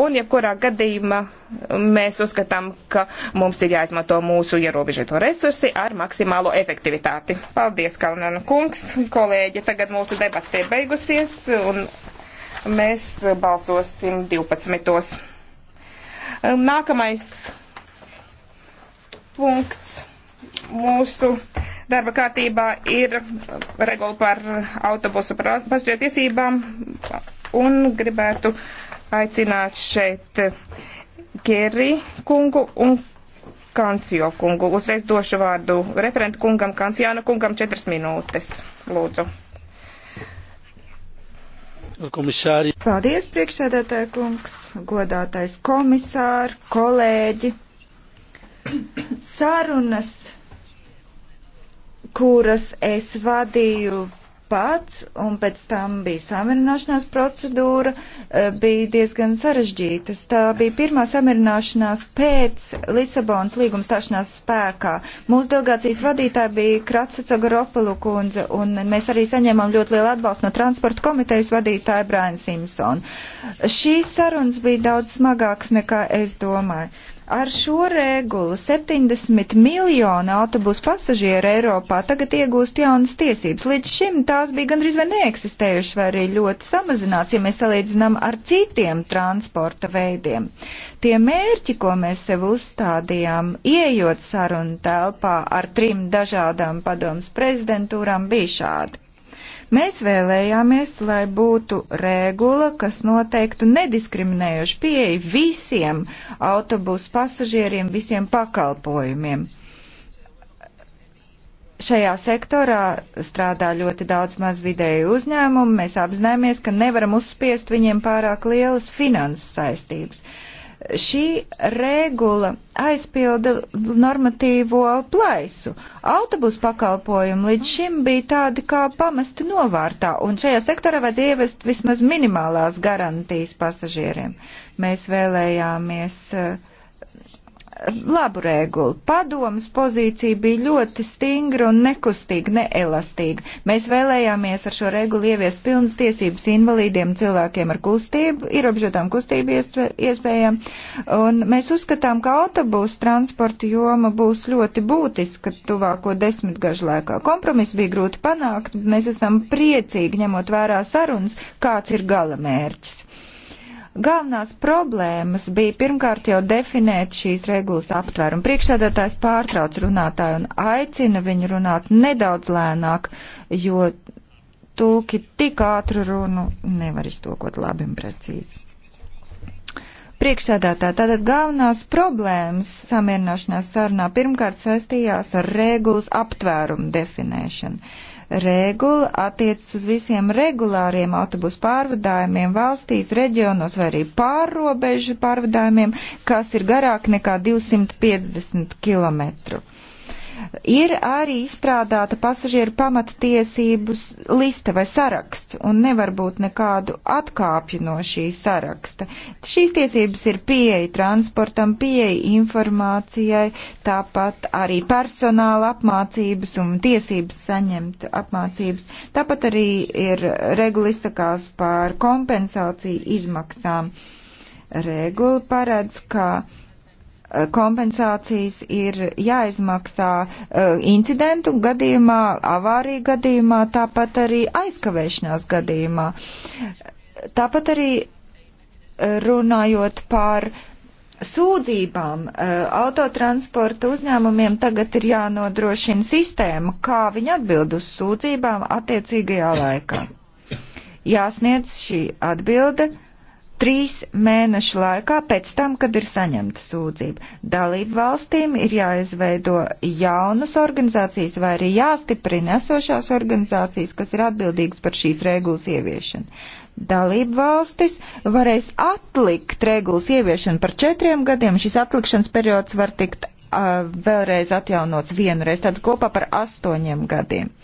Un, ja kurā gadījumā mēs uzskatām, ka mums ir jāizmanto mūsu ierobežoto resursi ar maksimālo efektivitāti. Paldies, Kalnana kungs, kolēģi. Tagad mūsu debata ir beigusies, un mēs balsosim 12. Nākamais punkts mūsu darba kārtībā ir regula par autobusu pasažieru tiesībām, un gribētu aicināt šeit Kerry eh, kungu un Kancijo kungu. Uzreiz došu vārdu referentu kungam, Kancijāna kungam, četras minūtes. Lūdzu. Komisāri. Paldies, priekšsēdētāja kungs, godātais komisāri, kolēģi. Sarunas, kuras es vadīju pats, un pēc tam bija samierināšanās procedūra, e, bija diezgan sarežģītas. Tā bija pirmā samierināšanās pēc Lisabonas līguma stāšanās spēkā. Mūsu delegācijas vadītāja bija Kratsa Cagaropalu kundze, un mēs arī saņēmām ļoti lielu atbalstu no transporta komitejas vadītāja Brian Simpson. Šīs sarunas bija daudz smagākas nekā es domāju. Ar šo regulu 70 miljonu autobusu pasažieru Eiropā tagad iegūst jaunas tiesības. Līdz šim tās bija gandrīz vai neeksistējušas vai arī ļoti samazināts, ja mēs salīdzinām ar citiem transporta veidiem. Tie mērķi, ko mēs sev uzstādījām, ieejot sarunu telpā ar trim dažādām padomas prezidentūrām, bija šādi. Mēs vēlējāmies, lai būtu regula, kas noteiktu nediskriminējošu pieeju visiem autobusu pasažieriem, visiem pakalpojumiem šajā sektorā strādā ļoti daudz mazvidēju uzņēmumu. Mēs apzināmies, ka nevaram uzspiest viņiem pārāk lielas finanses saistības. Uh, šī regula aizpilda normatīvo plaisu. Autobusu pakalpojumi līdz šim bija tādi kā pamesti novārtā, un šajā sektorā vajadz ievest vismaz minimālās garantijas pasažieriem. Mēs vēlējāmies uh, labu regulu. Padomas pozīcija bija ļoti stingra un nekustīga, neelastīga. Mēs vēlējāmies ar šo regulu ieviest pilnas tiesības invalīdiem cilvēkiem ar kustību, ierobežotām kustību iespējām, un mēs uzskatām, ka autobusu transporta joma būs ļoti būtiska tuvāko desmitgažu laikā. Kompromiss bija grūti panākt, mēs esam priecīgi ņemot vērā sarunas, kāds ir gala mērķis. Galvenās problēmas bija pirmkārt jau definēt šīs regulas aptvērumu. Priekšsēdētājs pārtrauc runātāju un aicina viņu runāt nedaudz lēnāk, jo tulki tik ātru runu nevar iztokot labi un precīzi. Priekšsēdētāji, tātad galvenās problēmas samierināšanās sarunā pirmkārt saistījās ar regulas aptvērumu definēšanu. Uh, Regula attiecas uz visiem regulāriem autobusu pārvadājumiem valstīs, reģionos vai arī pārrobežu pārvadājumiem, kas ir garāk nekā 250 km. Ir arī izstrādāta pasažieru pamattiesības lista vai saraksts, un nevar būt nekādu atkāpju no šī saraksta. Šīs tiesības ir pieeja transportam, pieeja informācijai, tāpat arī personāla apmācības un tiesības saņemt apmācības. Tāpat arī ir regula izsakās par kompensāciju izmaksām. Regula paredz, ka kompensācijas ir jāizmaksā eh, incidentu gadījumā, avārija gadījumā, tāpat arī aizkavēšanās gadījumā. Tāpat arī eh, runājot par sūdzībām eh, autotransporta uzņēmumiem tagad ir jānodrošina sistēma, kā viņi atbild uz sūdzībām attiecīgajā laikā. Jāsniedz šī atbilde trīs mēnešu laikā pēc tam, kad ir saņemta sūdzība. Dalību valstīm ir jāizveido jaunas organizācijas vai arī jāstiprina esošās organizācijas, kas ir atbildīgas par šīs regulas ieviešanu. Dalību valstis varēs atlikt regulas ieviešanu par četriem gadiem. Šis atlikšanas periods var tikt uh, vēlreiz atjaunots vienreiz, tad kopā par astoņiem gadiem.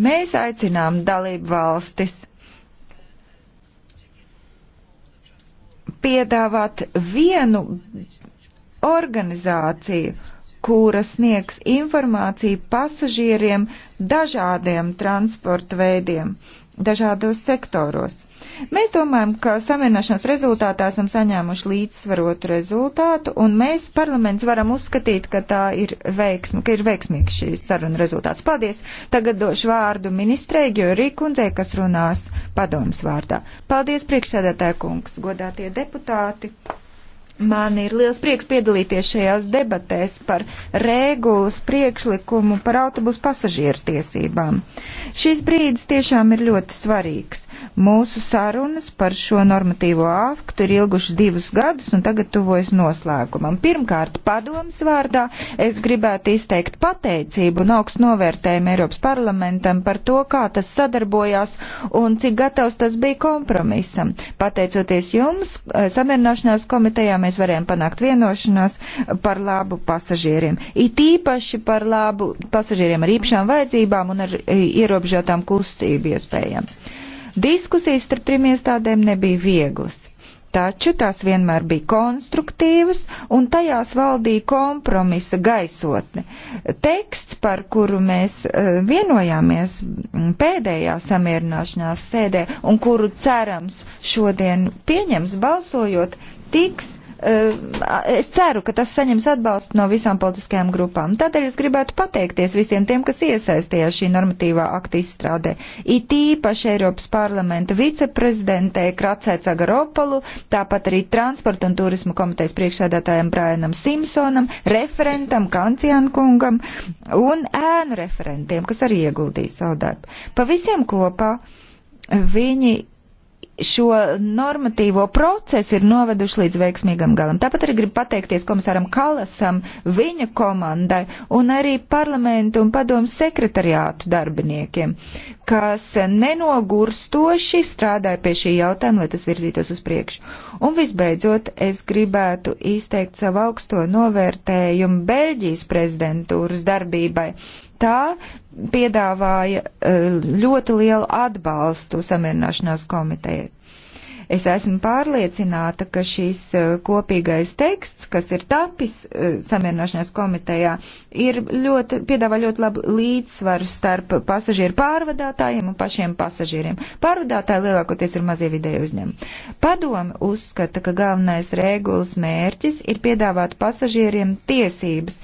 Mēs aicinām dalību valstis piedāvāt vienu organizāciju, kura sniegs informāciju pasažieriem dažādiem transporta veidiem. Uh, dažādos sektoros. Mēs domājam, ka samierināšanas rezultātā esam saņēmuši līdzsvarotu rezultātu, un mēs parlaments varam uzskatīt, ka tā ir veiksmi, ka ir veiksmīgs šīs saruna rezultāts. Paldies! Tagad došu vārdu ministrei Gjorī kundzei, kas runās padomas vārdā. Paldies, priekšsēdētāja kungs, godātie deputāti! Man ir liels prieks piedalīties šajās debatēs par regulas priekšlikumu par autobusu pasažieru tiesībām. Šis brīdis tiešām ir ļoti svarīgs. Mūsu sarunas par šo normatīvo aktu ir ilgušas divus gadus un tagad tuvojas noslēgumam. Pirmkārt, padomas vārdā es gribētu izteikt pateicību un augstu novērtējumu Eiropas parlamentam par to, kā tas sadarbojās un cik gatavs tas bija kompromisam. Pateicoties jums, eh, samierināšanās komitejā mēs mēs varējām panākt vienošanos par labu pasažieriem. It īpaši par labu pasažieriem ar īpašām vajadzībām un ar e, ierobežotām kustību iespējām. Diskusijas starp trim iestādēm nebija vieglas taču tās vienmēr bija konstruktīvas un tajās valdīja kompromisa gaisotne. Teksts, par kuru mēs e, vienojāmies pēdējā samierināšanās sēdē un kuru cerams šodien pieņems balsojot, tiks Eh, es ceru, ka tas saņems atbalstu no visām politiskajām grupām. Tādēļ es gribētu pateikties visiem tiem, kas iesaistījās šī normatīvā akta izstrādē. It īpaši Eiropas parlamenta viceprezidentē Kracē Cagaropalu, tāpat arī transporta un turismu komitejas priekšsēdētājiem Brainam Simpsonam, referentam Kancijankungam un ēnu referentiem, kas arī ieguldīja savu darbu. Pa visiem kopā viņi šo normatīvo procesu ir noveduši līdz veiksmīgam galam. Tāpat arī gribu pateikties komisāram Kalasam, viņa komandai un arī parlamentu un padomu sekretariātu darbiniekiem, kas nenogurstoši strādāja pie šī jautājuma, lai tas virzītos uz priekšu. Un visbeidzot, es gribētu izteikt savu augsto novērtējumu Beļģijas prezidentūras darbībai. Tā piedāvāja eh, ļoti lielu atbalstu samierināšanās komitejai. Es esmu pārliecināta, ka šis eh, kopīgais teksts, kas ir tapis eh, samierināšanās komitejā, ir ļoti, piedāvā ļoti labu līdzsvaru starp pasažieru pārvadātājiem un pašiem pasažieriem. Pārvadātāji lielākoties ir mazie vidēji uzņēmumi. Padomi uzskata, ka galvenais regulas mērķis ir piedāvāt pasažieriem tiesības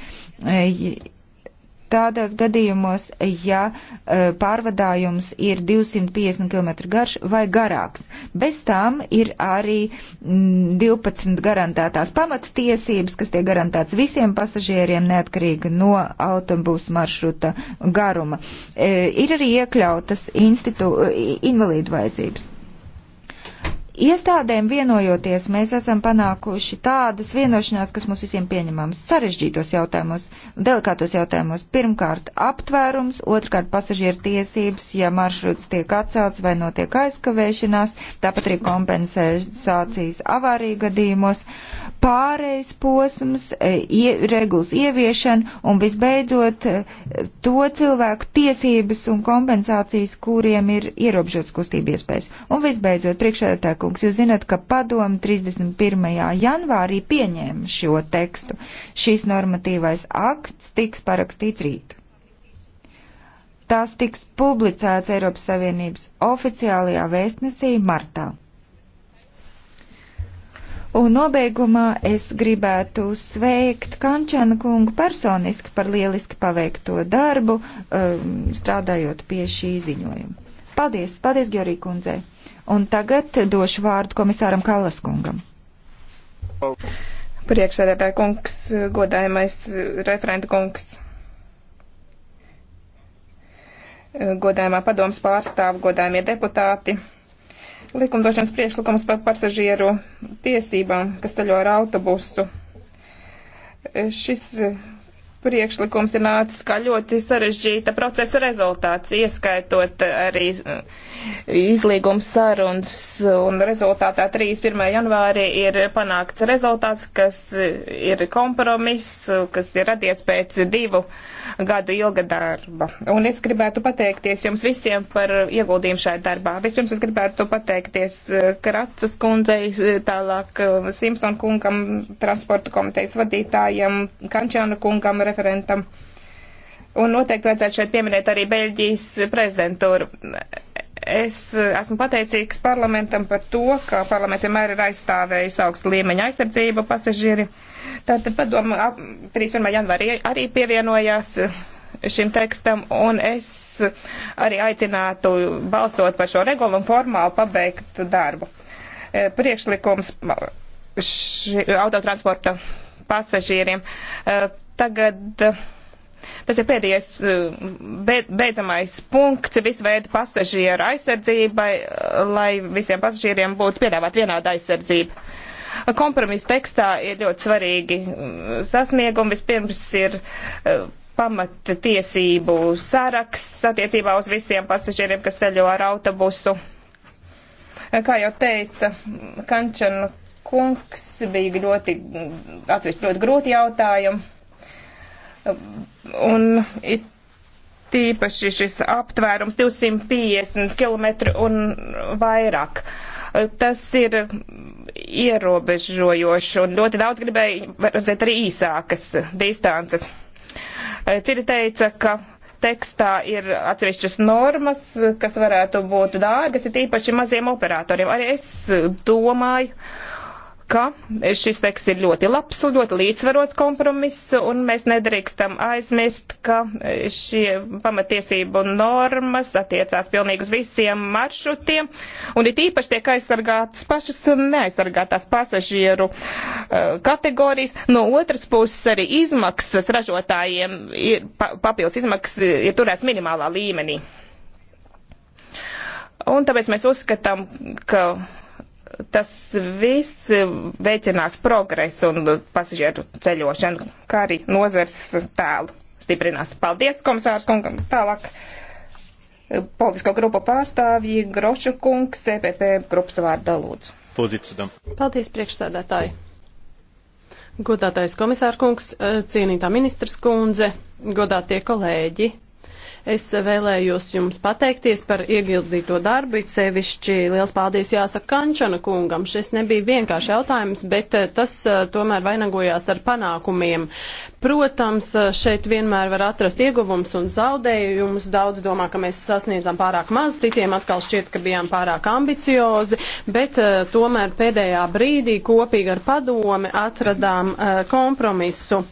tādos gadījumos, ja e, pārvadājums ir 250 km garš vai garāks. Bez tām ir arī 12 garantētās pamattiesības, kas tiek garantēts visiem pasažieriem neatkarīgi no autobusu maršruta garuma. E, ir arī iekļautas institū, invalīdu vajadzības. Iestādēm vienojoties, mēs esam panākuši tādas vienošanās, kas mums visiem pieņemams sarežģītos jautājumos, delikātos jautājumos. Pirmkārt, aptvērums, otrkārt, pasažieru tiesības, ja maršruts tiek atcelts vai notiek aizkavēšanās, tāpat arī kompensācijas avārija gadījumos, pārejas posms, e, ie, regulas ieviešana un visbeidzot e, to cilvēku tiesības un kompensācijas, kuriem ir ierobežots kustība iespējas. Un visbeidzot, priekšēdētāju kungs, jūs zinat, ka padomu 31. janvārī pieņēma šo tekstu. Šis normatīvais akts tiks parakstīts rīt. Tas tiks publicēts Eiropas Savienības oficiālajā vēstnesī martā. Un nobeigumā es gribētu sveikt Kančana kungu personiski par lieliski paveikto darbu, um, strādājot pie šī ziņojuma. Paldies, paldies, Georgija kundzei. Un tagad došu vārdu komisāram Kallas kungam. Priekšsēdētāja kungs, godājamais referenta kungs, godājumā padoms pārstāv, godājumie deputāti likumdošanas priekšlikums par pasažieru tiesībām, kas ceļo ar autobusu. Šis priekšlikums ir nācis kā ļoti sarežģīta procesa rezultāts, ieskaitot arī eh, izlīgums sarunas, un rezultātā 31. janvāri ir panākts rezultāts, kas ir kompromiss, kas ir radies pēc divu gadu ilga darba. Un es gribētu pateikties jums visiem par ieguldījumu šajā darbā. Vispirms es gribētu pateikties eh, Kracas kundzei, tālāk eh, Simpson kungam, transporta komitejas vadītājiem, Kančāna kungam, referentam referentam. Un noteikti vajadzētu šeit pieminēt arī Beļģijas prezidentūru. Es esmu pateicīgs parlamentam par to, ka parlaments vienmēr ir aizstāvējis augstu līmeņu aizsardzību pasažieri. Tātad padoma 31. janvārī arī pievienojās šim tekstam, un es arī aicinātu balsot par šo regulu un formāli pabeigt darbu. E, priekšlikums autotransporta pasažieriem e, Tagad eh, tas ir pēdējais eh, beidzamais punkts visu veidu pasažieru aizsardzībai, eh, lai visiem pasažieriem būtu piedāvāt vienāda aizsardzība. Kompromisa tekstā ir ļoti svarīgi mm, sasniegumi. Vispirms ir pamattiesību saraksts attiecībā uz visiem pasažieriem, kas ceļo ar autobusu. Kā jau teica mm, Kančana kungs, bija ļoti, mm, atsevišķi ļoti grūti jautājumi Un it tīpaši šis aptvērums 250 km un vairāk. Tas ir ierobežojoši un ļoti daudz gribēja redzēt arī īsākas distances. Citi teica, ka tekstā ir atsevišķas normas, kas varētu būt dārgas, ir tīpaši maziem operatoriem. Arī es domāju, ka šis teksts ir ļoti labs un ļoti līdzsvarots kompromiss, un mēs nedrīkstam aizmirst, ka šie pamatiesību normas attiecās pilnīgi uz visiem maršrutiem, un it īpaši tiek aizsargātas pašas neaizsargātās pasažieru uh, kategorijas. No otras puses arī izmaksas ražotājiem ir pa, papildus izmaksas ir turēts minimālā līmenī. Un tāpēc mēs uzskatām, ka tas viss veicinās progresu un pasažieru ceļošanu, kā arī nozars tēlu stiprinās. Paldies, komisārs kungam. Tālāk politisko grupu pārstāvji Groša kungs, CPP e grupas vārdā lūdzu. Pozicidam. Paldies, priekšsēdētāji. Godātais komisār kungs, cienītā ministrs kundze, godātie kolēģi. Es vēlējos jums pateikties par iegildīto darbu, it sevišķi liels paldies jāsaka Kančana kungam. Šis nebija vienkārši jautājums, bet eh, tas eh, tomēr vainagojās ar panākumiem. Protams, eh, šeit vienmēr var atrast ieguvums un zaudējumus. Daudz domā, ka mēs sasniedzām pārāk maz, citiem atkal šķiet, ka bijām pārāk ambiciozi, bet tomēr pēdējā brīdī kopīgi ar padomi atradām kompromisu.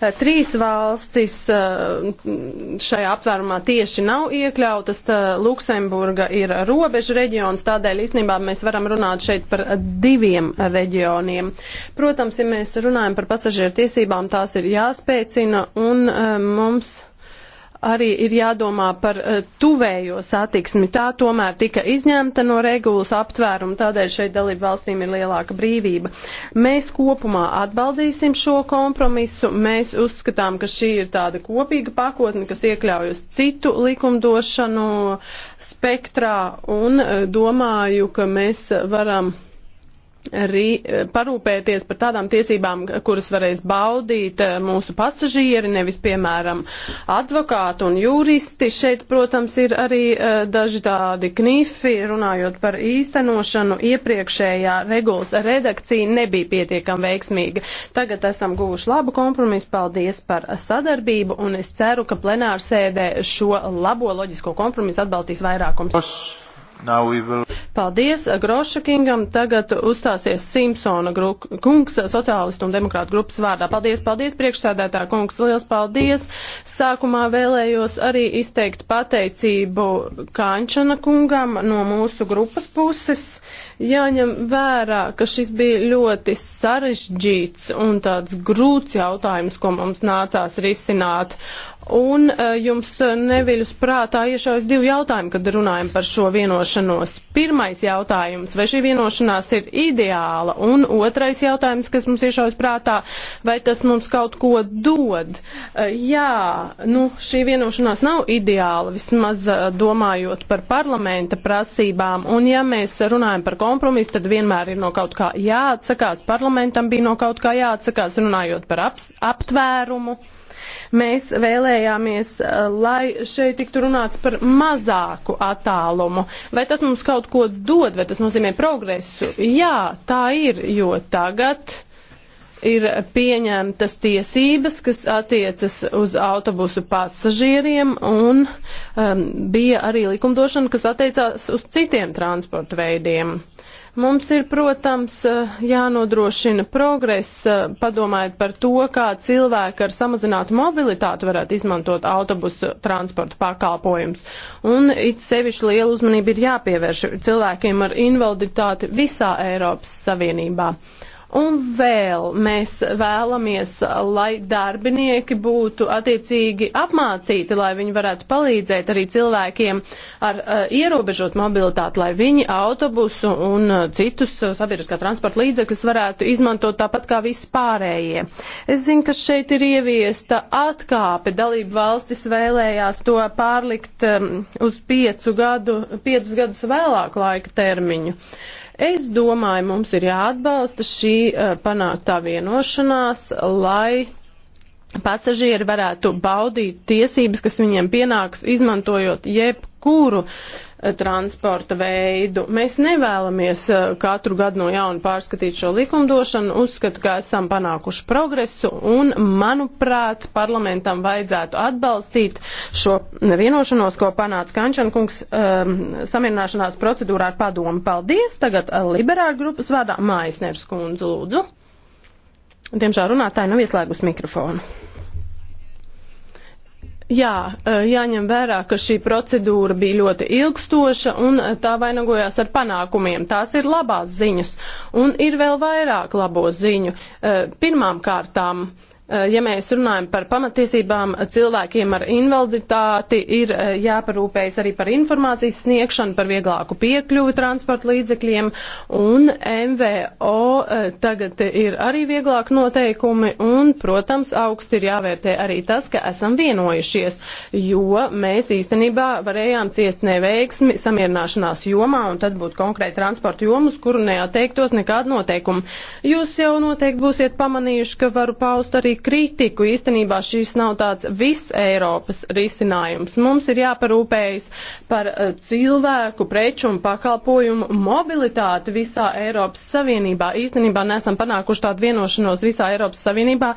Eh, trīs valstis eh, šajā aptvērumā tieši nav iekļautas. Eh, Luksemburga ir robeža reģions, tādēļ īstenībā mēs varam runāt šeit par diviem reģioniem. Protams, ja mēs runājam par pasažieru tiesībām, tās ir jāspēcina un mums arī ir jādomā par eh, tuvējo satiksmi. Tā tomēr tika izņemta no regulas aptvēruma, tādēļ šeit dalību valstīm ir lielāka brīvība. Mēs kopumā atbaldīsim šo kompromisu. Mēs uzskatām, ka šī ir tāda kopīga pakotne, kas iekļaujas citu likumdošanu spektrā un eh, domāju, ka mēs varam arī eh, parūpēties par tādām tiesībām, kuras varēs baudīt eh, mūsu pasažieri, nevis, piemēram, advokāti un juristi. Šeit, protams, ir arī eh, daži tādi knifi, runājot par īstenošanu. Iepriekšējā regulas redakcija nebija pietiekam veiksmīga. Tagad esam guvuši labu kompromisu. Paldies par sadarbību, un es ceru, ka plenārsēdē šo labo loģisko kompromisu atbalstīs vairākums. Pas. Will... Paldies uh, Groša kungam. Tagad uzstāsies Simpsona kungs uh, sociālistu un demokrātu grupas vārdā. Paldies, paldies, priekšsēdētā kungs. Liels paldies. Sākumā vēlējos arī izteikt pateicību Kāņčana kungam no mūsu grupas puses. Jāņem vērā, ka šis bija ļoti sarežģīts un tāds grūts jautājums, ko mums nācās risināt. Un uh, jums uh, neviļus prātā iešaujas divi jautājumi, kad runājam par šo vienošanos vienošanos. Pirmais jautājums, vai šī vienošanās ir ideāla? Un otrais jautājums, kas mums iešaujas prātā, vai tas mums kaut ko dod? Eh, jā, nu, šī vienošanās nav ideāla, vismaz eh, domājot par parlamenta prasībām. Un ja mēs runājam par kompromisu, tad vienmēr ir no kaut kā jāatsakās. Parlamentam bija no kaut kā jāatsakās, runājot par aps, aptvērumu. Mēs vēlējāmies, eh, lai šeit tiktu runāts par mazāku attālumu. Vai tas mums kaut ko dod, vai tas nozīmē progresu? Jā, tā ir, jo tagad ir pieņemtas tiesības, kas attiecas uz autobusu pasažieriem, un um, bija arī likumdošana, kas attiecās uz citiem transporta veidiem. Mums ir, protams, eh, jānodrošina progress, eh, padomājot par to, kā cilvēki ar samazinātu mobilitāti varētu izmantot autobusu transporta pakalpojumus. Un it sevišķi liela uzmanība ir jāpievērš cilvēkiem ar invaliditāti visā Eiropas Savienībā. Uh, Un vēl mēs vēlamies, lai darbinieki būtu attiecīgi apmācīti, lai viņi varētu palīdzēt arī cilvēkiem ar uh, ierobežot mobilitāti, lai viņi autobusu un uh, citus uh, sabiedriskā transporta līdzekļus varētu izmantot tāpat kā visi pārējie. Es zinu, ka šeit ir ieviesta atkāpe. Dalību valstis vēlējās to pārlikt um, uz piecu gadu, piecus gadus vēlāk laika termiņu. Uh, Es domāju, mums ir jāatbalsta šī eh, panāktā vienošanās, lai pasažieri varētu baudīt tiesības, kas viņiem pienāks, izmantojot jebkuru uh, transporta veidu. Mēs nevēlamies eh, katru gadu no jauna pārskatīt šo likumdošanu, uzskatu, ka esam panākuši progresu un, manuprāt, parlamentam vajadzētu atbalstīt šo vienošanos, ko panāca Kančankungs um, samierināšanās procedūrā ar padomu. Paldies! Tagad eh, liberāļu grupas vārdā Maisners kundze lūdzu. Diemžēl runātāji nav ieslēgus mikrofonu. Jā, e, jāņem vērā, ka šī procedūra bija ļoti ilgstoša un tā vainagojās ar panākumiem. Tās ir labās ziņas un ir vēl vairāk labo ziņu. E, pirmām kārtām. Eh, ja mēs runājam par pamatiesībām, cilvēkiem ar invaliditāti ir eh, jāparūpējas arī par informācijas sniegšanu, par vieglāku piekļuvi transporta līdzekļiem, un MVO eh, tagad ir arī vieglāk noteikumi, un, protams, augsti ir jāvērtē arī tas, ka esam vienojušies, jo mēs īstenībā varējām ciest neveiksmi samierināšanās jomā, un tad būtu konkrēti transporta jomas, kuru neatteiktos nekādu noteikumu. Jūs jau noteikti būsiet pamanījuši, ka varu paust arī kritiku. Īstenībā šis nav tāds viss Eiropas risinājums. Mums ir jāparūpējas par eh, cilvēku, preču un pakalpojumu mobilitāti visā Eiropas Savienībā. Īstenībā nesam panākuši tādu vienošanos visā Eiropas Savienībā,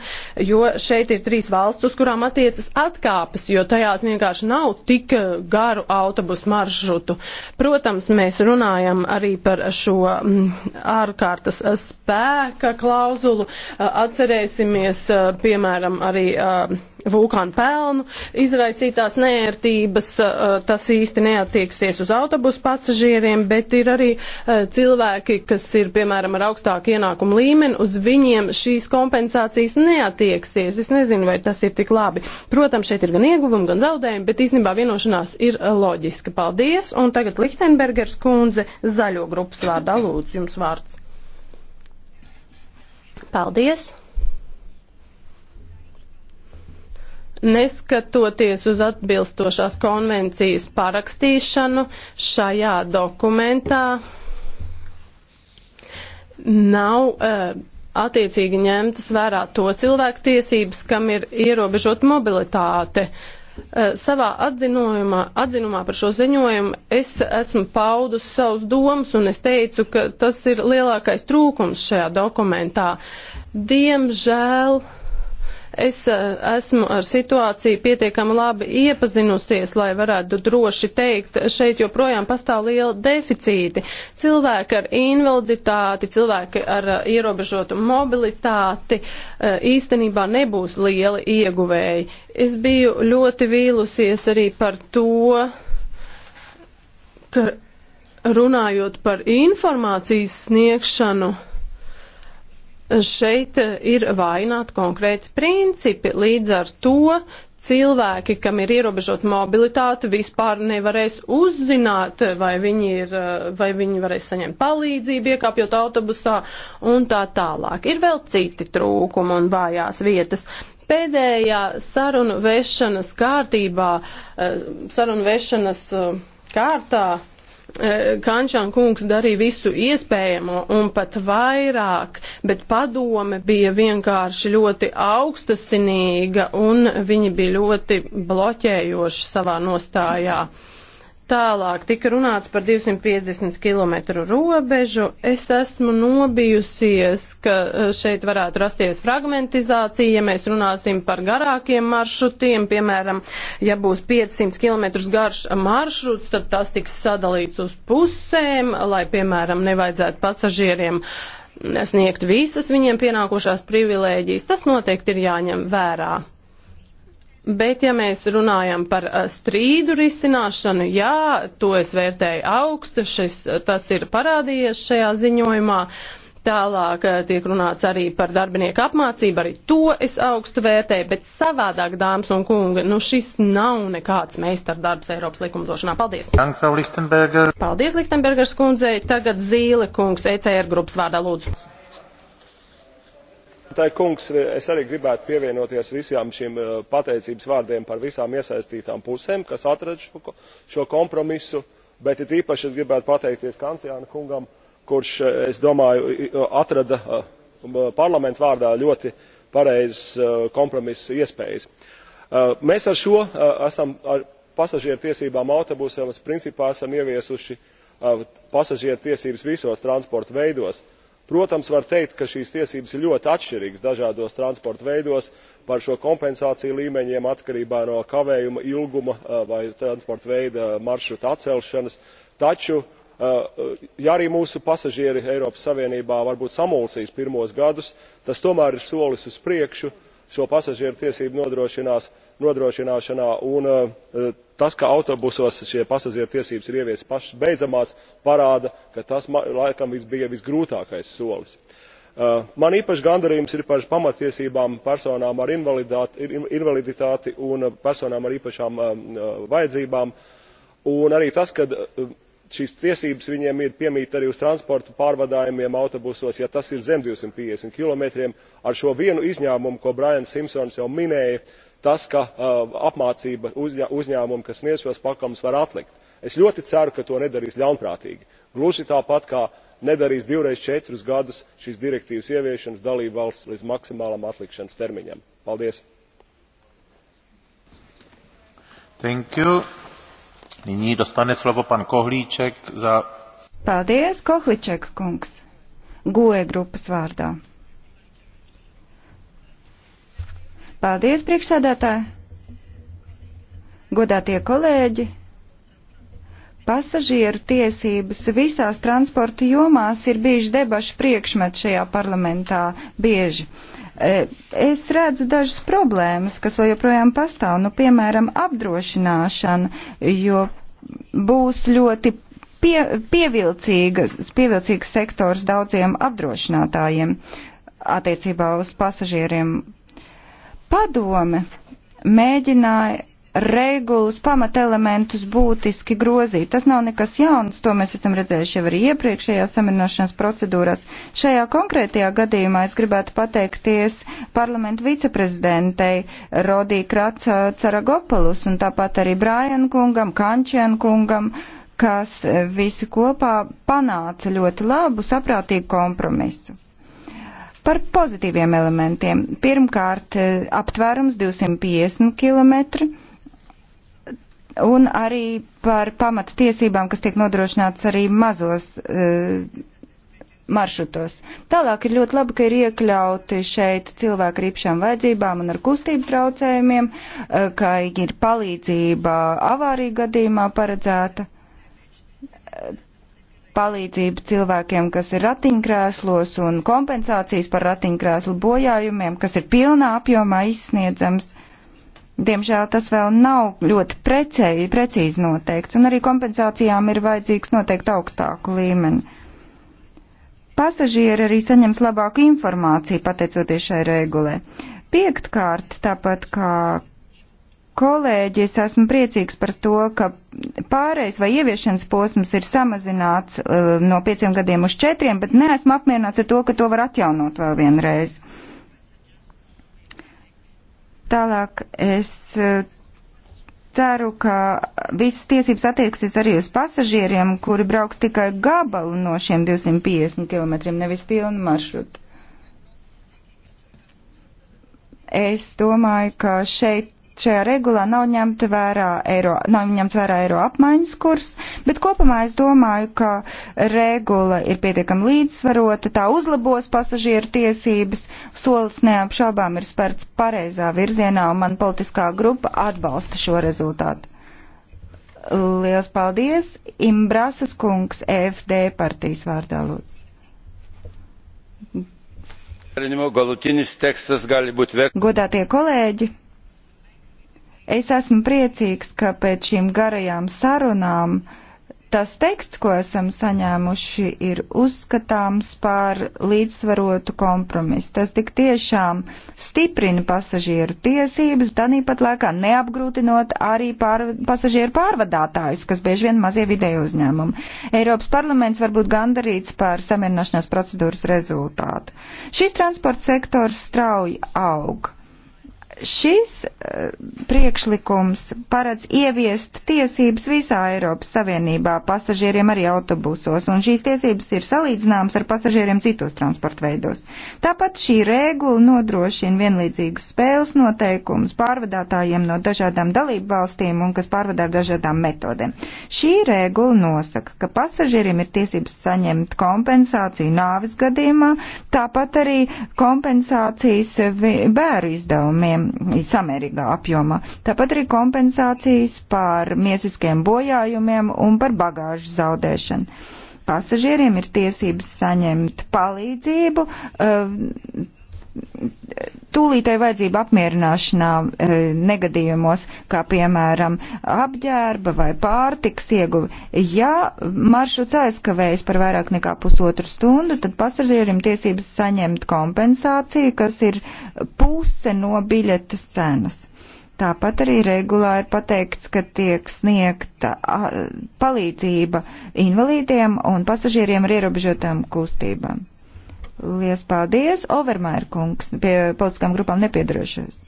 jo šeit ir trīs valsts, uz kurām attiecas atkāpes, jo tajās vienkārši nav tik eh, garu autobusu maršrutu. Protams, mēs runājam arī par šo m, mm, ārkārtas eh, spēka klauzulu. Atcerēsimies piemēram, arī uh, vulkānu pelnu izraisītās neērtības, uh, tas īsti neatieksies uz autobusu pasažieriem, bet ir arī uh, cilvēki, kas ir, piemēram, ar augstāku ienākumu līmeni, uz viņiem šīs kompensācijas neatieksies. Es nezinu, vai tas ir tik labi. Protams, šeit ir gan ieguvumi, gan zaudējumi, bet īstenībā vienošanās ir loģiska. Paldies! Un tagad Lichtenbergers kundze zaļo grupas vārdā lūdzu jums vārds. Paldies! Neskatoties uz atbilstošās konvencijas parakstīšanu, šajā dokumentā nav uh, attiecīgi ņemtas vērā to cilvēku tiesības, kam ir ierobežota mobilitāte. Uh, savā atzinumā, atzinumā par šo ziņojumu es esmu paudus savus domas un es teicu, ka tas ir lielākais trūkums šajā dokumentā. Diemžēl uh, Es eh, esmu ar situāciju pietiekami labi iepazinusies, lai varētu droši teikt, šeit joprojām pastāv liela deficīti. Cilvēki ar invaliditāti, cilvēki ar eh, ierobežotu mobilitāti eh, īstenībā nebūs lieli ieguvēji. Es biju ļoti vīlusies arī par to, ka runājot par informācijas sniegšanu šeit eh, ir vaināti konkrēti principi. Līdz ar to cilvēki, kam ir ierobežota mobilitāte, vispār nevarēs uzzināt, eh, vai viņi, ir, eh, vai viņi varēs saņemt palīdzību, iekāpjot autobusā un tā tālāk. Ir vēl citi trūkumi un vājās vietas. Pēdējā sarunu vešanas kārtībā, sarunu vešanas kārtā Eh, Kančāna kungs darīja visu iespējamo un pat vairāk, bet padome bija vienkārši ļoti augstasinīga un viņi bija ļoti bloķējoši savā nostājā. Mm. Tālāk tika runāts par 250 km robežu. Es esmu nobijusies, ka eh, šeit varētu rasties fragmentizācija, ja mēs runāsim par garākiem maršrutiem. Piemēram, ja būs 500 km garš maršruts, tad tas tiks sadalīts uz pusēm, lai, piemēram, nevajadzētu pasažieriem sniegt visas viņiem pienākošās privilēģijas. Tas noteikti ir jāņem vērā. Bet, ja mēs runājam par uh, strīdu risināšanu, jā, to es vērtēju augstu, šis, uh, tas ir parādījies šajā ziņojumā. Tālāk uh, tiek runāts arī par darbinieku apmācību, arī to es augstu vērtēju, bet savādāk, dāmas un kungi, nu šis nav nekāds meistardarbs Eiropas likumdošanā. Paldies! Paldies, Lichtenbergers kundzei! Tagad Zīle kungs, ECR grupas vārdā lūdzu priekšsēdētāja kungs es arī gribētu pievienoties visiem šiem eh, pateicības vārdiem par visām iesaistītām pusēm kas atrada šo kompromisu bet it īpaši es gribētu pateikties kanciāna kungam kurš eh, es domāju atrada eh, parlamenta vārdā ļoti pareizas kompromisa iespējas. mēs ar šo esam ar pasažieru tiesībām autobusos principā esam ieviesuši pasažieru tiesības visos transporta veidos protams var teikt ka šīs tiesības ir ļoti atšķirīgas dažādos transporta veidos par šo kompensāciju līmeņiem atkarībā no kavējuma ilguma eh, vai transporta veida eh, maršruta atcelšanas taču eh, ja arī mūsu pasažieri eiropas savienībā varbūt samulsīs pirmos gadus tas tomēr ir solis uz priekšu šo pasažieru tiesību nodrošinās nodrošināšanā un eh, tas ka autobusos šie pasažieru tiesības ir ieviestas pašas beidzamās parāda ka tas laikam bija visgrūtākais solis. Eh, man īpašs gandarījums ir par pamatiesībām personām ar invaliditāti un personām ar īpašām eh, vajadzībām un arī tas ka šīs tiesības viņiem ir piemīt arī uz transporta pārvadājumiem autobusos ja tas ir zem divi simti piecdesmit km ar šo vienu izņēmumu ko braians simpsons jau minēja tas ka apmācība uzņēmumu kas sniedz šos pakalpojumus var atlikt. es ļoti ceru ka to nedarīs ļaunprātīgi gluži tāpat kā nedarīs divreiz četrus gadus šīs direktīvas ieviešanas dalībvalstis līdz maksimālam atlikšanas termiņam. paldies! Paldies, Kohliček kungs, GOE grupas vārdā. Paldies, priekšsēdētāji! Godātie kolēģi! Pasažieru tiesības visās transporta jomās ir bijuši debašu priekšmets šajā parlamentā bieži. E, es redzu dažas problēmas, kas vēl joprojām pastāv, nu, piemēram, apdrošināšana, jo būs ļoti pie, pievilcīgas, pievilcīgs sektors daudziem apdrošinātājiem attiecībā uz pasažieriem Padome mēģināja regulas pamatelementus būtiski grozīt. Tas nav nekas jauns, to mēs esam redzējuši jau arī iepriekšējās samierināšanas procedūrās. Šajā konkrētajā gadījumā es gribētu pateikties parlamentu viceprezidentei Rodī Kraca Caragopolus un tāpat arī Brian kungam, Kančian kungam, kas visi kopā panāca ļoti labu, saprātīgu kompromisu. Par pozitīviem elementiem. Pirmkārt, eh, aptvērums 250 km un arī par pamata tiesībām, kas tiek nodrošināts arī mazos uh, maršrutos. Tālāk ir ļoti labi, ka ir iekļauti šeit cilvēki ar īpašām vajadzībām un ar kustību traucējumiem, uh, ka ir palīdzība avāriju gadījumā paredzēta palīdzību cilvēkiem, kas ir ratiņkrēslos un kompensācijas par ratiņkrēslu bojājumiem, kas ir pilnā apjomā izsniedzams. Diemžēl tas vēl nav ļoti precēji, precīzi noteikts, un arī kompensācijām ir vajadzīgs noteikti augstāku līmeni. Pasažieri arī saņems labāku informāciju pateicoties šai regulē. Piektkārt, tāpat kā kolēģi, es esmu priecīgs par to, ka pārējais vai ieviešanas posms ir samazināts uh, no pieciem gadiem uz četriem, bet neesmu apmierināts ar to, ka to var atjaunot vēl vienreiz. Tālāk es uh, ceru, ka visas tiesības attieksies arī uz pasažieriem, kuri brauks tikai gabalu no šiem 250 km, nevis pilnu maršrutu. Es domāju, ka šeit šajā regulā nav ņemta vērā eiro, nav ņemts vērā eiro apmaiņas kurs, bet kopumā es domāju, ka regula ir pietiekami līdzsvarota, tā uzlabos pasažieru tiesības, solis neapšaubām ir spērts pareizā virzienā, un man politiskā grupa atbalsta šo rezultātu. Liels paldies, Imbrasas kungs, EFD partijas vārdā lūdzu. Godātie kolēģi! Es esmu priecīgs, ka pēc šīm garajām sarunām tas teksts, ko esam saņēmuši, ir uzskatāms par līdzsvarotu kompromisu. Tas tik tiešām stiprina pasažieru tiesības, tanīpat laikā neapgrūtinot arī pār, pasažieru pārvadātājus, kas bieži vien mazie vidēji uzņēmumi. Eiropas parlaments var būt gandarīts par samierināšanās procedūras rezultātu. Šis transporta sektors strauji auga Šis eh, priekšlikums paredz ieviest tiesības visā Eiropas Savienībā pasažieriem arī autobusos, un šīs tiesības ir salīdzināmas ar pasažieriem citos transporta veidos. Tāpat šī regula nodrošina vienlīdzīgus spēles noteikumus pārvadātājiem no dažādām dalību valstīm un kas pārvadā ar dažādām metodēm. Šī regula nosaka, ka pasažieriem ir tiesības saņemt kompensāciju nāvis gadījumā, tāpat arī kompensācijas bēru izdevumiem samērīgā apjomā. Tāpat arī kompensācijas par miesiskiem bojājumiem un par bagāžu zaudēšanu. Pasažieriem ir tiesības saņemt palīdzību. Uh, tūlītēji vajadzību apmierināšanā e, negadījumos, kā piemēram apģērba vai pārtiks ieguvi. Ja maršruts aizkavējas par vairāk nekā pusotru stundu, tad pasažierim tiesības saņemt kompensāciju, kas ir puse no biļetes cenas. Tāpat arī regulā ir pateikts, ka tiek sniegta palīdzība invalīdiem un pasažieriem ar ierobežotām kustībām Lies paldies, Overmair kungs, pie politiskām grupām nepiedarošais.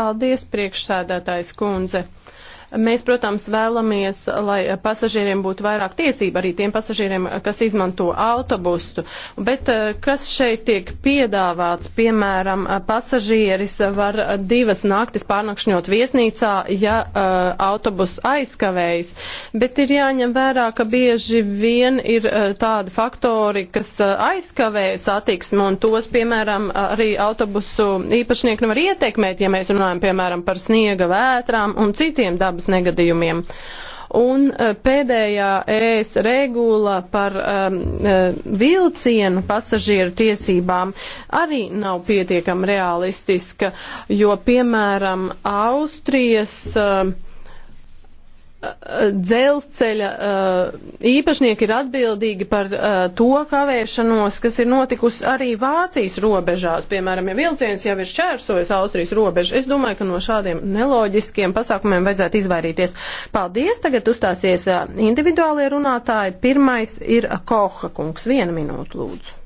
Paldies, priekšsēdētājs kundze. Uh, Mēs, protams, vēlamies, lai pasažieriem būtu vairāk tiesība arī tiem pasažieriem, kas izmanto autobustu. Bet eh, kas šeit tiek piedāvāts? Piemēram, eh, pasažieris var divas naktis pārnakšņot viesnīcā, ja uh, autobus aizkavējas. Bet ir jāņem vērā, ka bieži vien ir uh, tādi faktori, kas uh, aizkavē satiksmi, un tos, piemēram, arī autobusu īpašnieki nevar ietekmēt, ja mēs runājam, piemēram, par sniega vētrām un citiem dabas satiksmes negadījumiem. Un eh, pēdējā ES regula par um, vilcienu pasažieru tiesībām arī nav pietiekami realistiska, jo, piemēram, Austrijas um, dzelzceļa eh, īpašnieki ir atbildīgi par eh, to kavēšanos, kas ir notikusi arī Vācijas robežās. Piemēram, ja vilciens jau ir šķērsojis Austrijas robežu, es domāju, ka no šādiem neloģiskiem pasākumiem vajadzētu izvairīties. Paldies, tagad uzstāsies eh, individuālie runātāji. Pirmais ir Koha kungs. Viena minūte, lūdzu.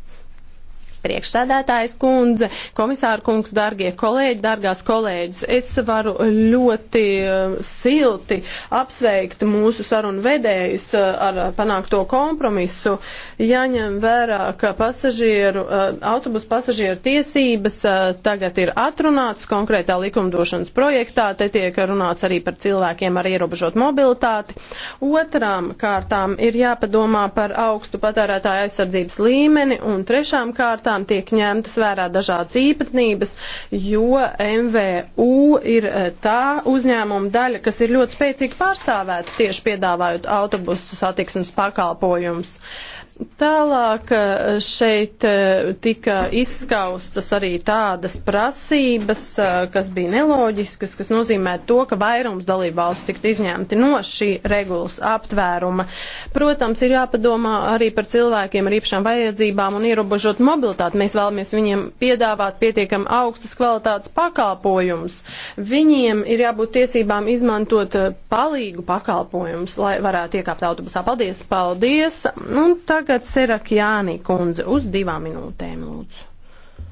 Priekšsēdētājs kundze, komisāra kungs, dargie kolēģi, dargās kolēģis, es varu ļoti eh, silti apsveikt mūsu sarunu vedējus eh, ar panākto kompromisu. Jāņem vērā, ka pasažieru, eh, autobusu pasažieru tiesības tagad ir atrunātas konkrētā likumdošanas projektā, te tiek runāts arī par cilvēkiem ar ierobežot mobilitāti. Otrām kārtām ir jāpadomā par augstu patērētāju aizsardzības līmeni un trešām kārtām tiešām tiek ņemtas vērā dažādas īpatnības, jo MVU ir eh, tā uzņēmuma daļa, kas ir ļoti spēcīgi pārstāvēta tieši piedāvājot autobusu satiksmes pakalpojumus. Uh, Tālāk eh, šeit eh, tika izskaustas arī tādas prasības, eh, kas bija neloģiskas, kas nozīmē to, ka vairums dalībvalstu tiktu izņemti no šī regulas aptvēruma. Protams, ir jāpadomā arī par cilvēkiem ar īpašām vajadzībām un ierobežot mobilitāti. Mēs vēlamies viņiem piedāvāt pietiekam augstas kvalitātes pakalpojumus. Viņiem ir jābūt tiesībām izmantot palīgu pakalpojumus, lai varētu iekāpt autobusā. Paldies! Paldies! Un nu, tagad Tagad Serakjānī kundze uz divām minūtēm lūdzu.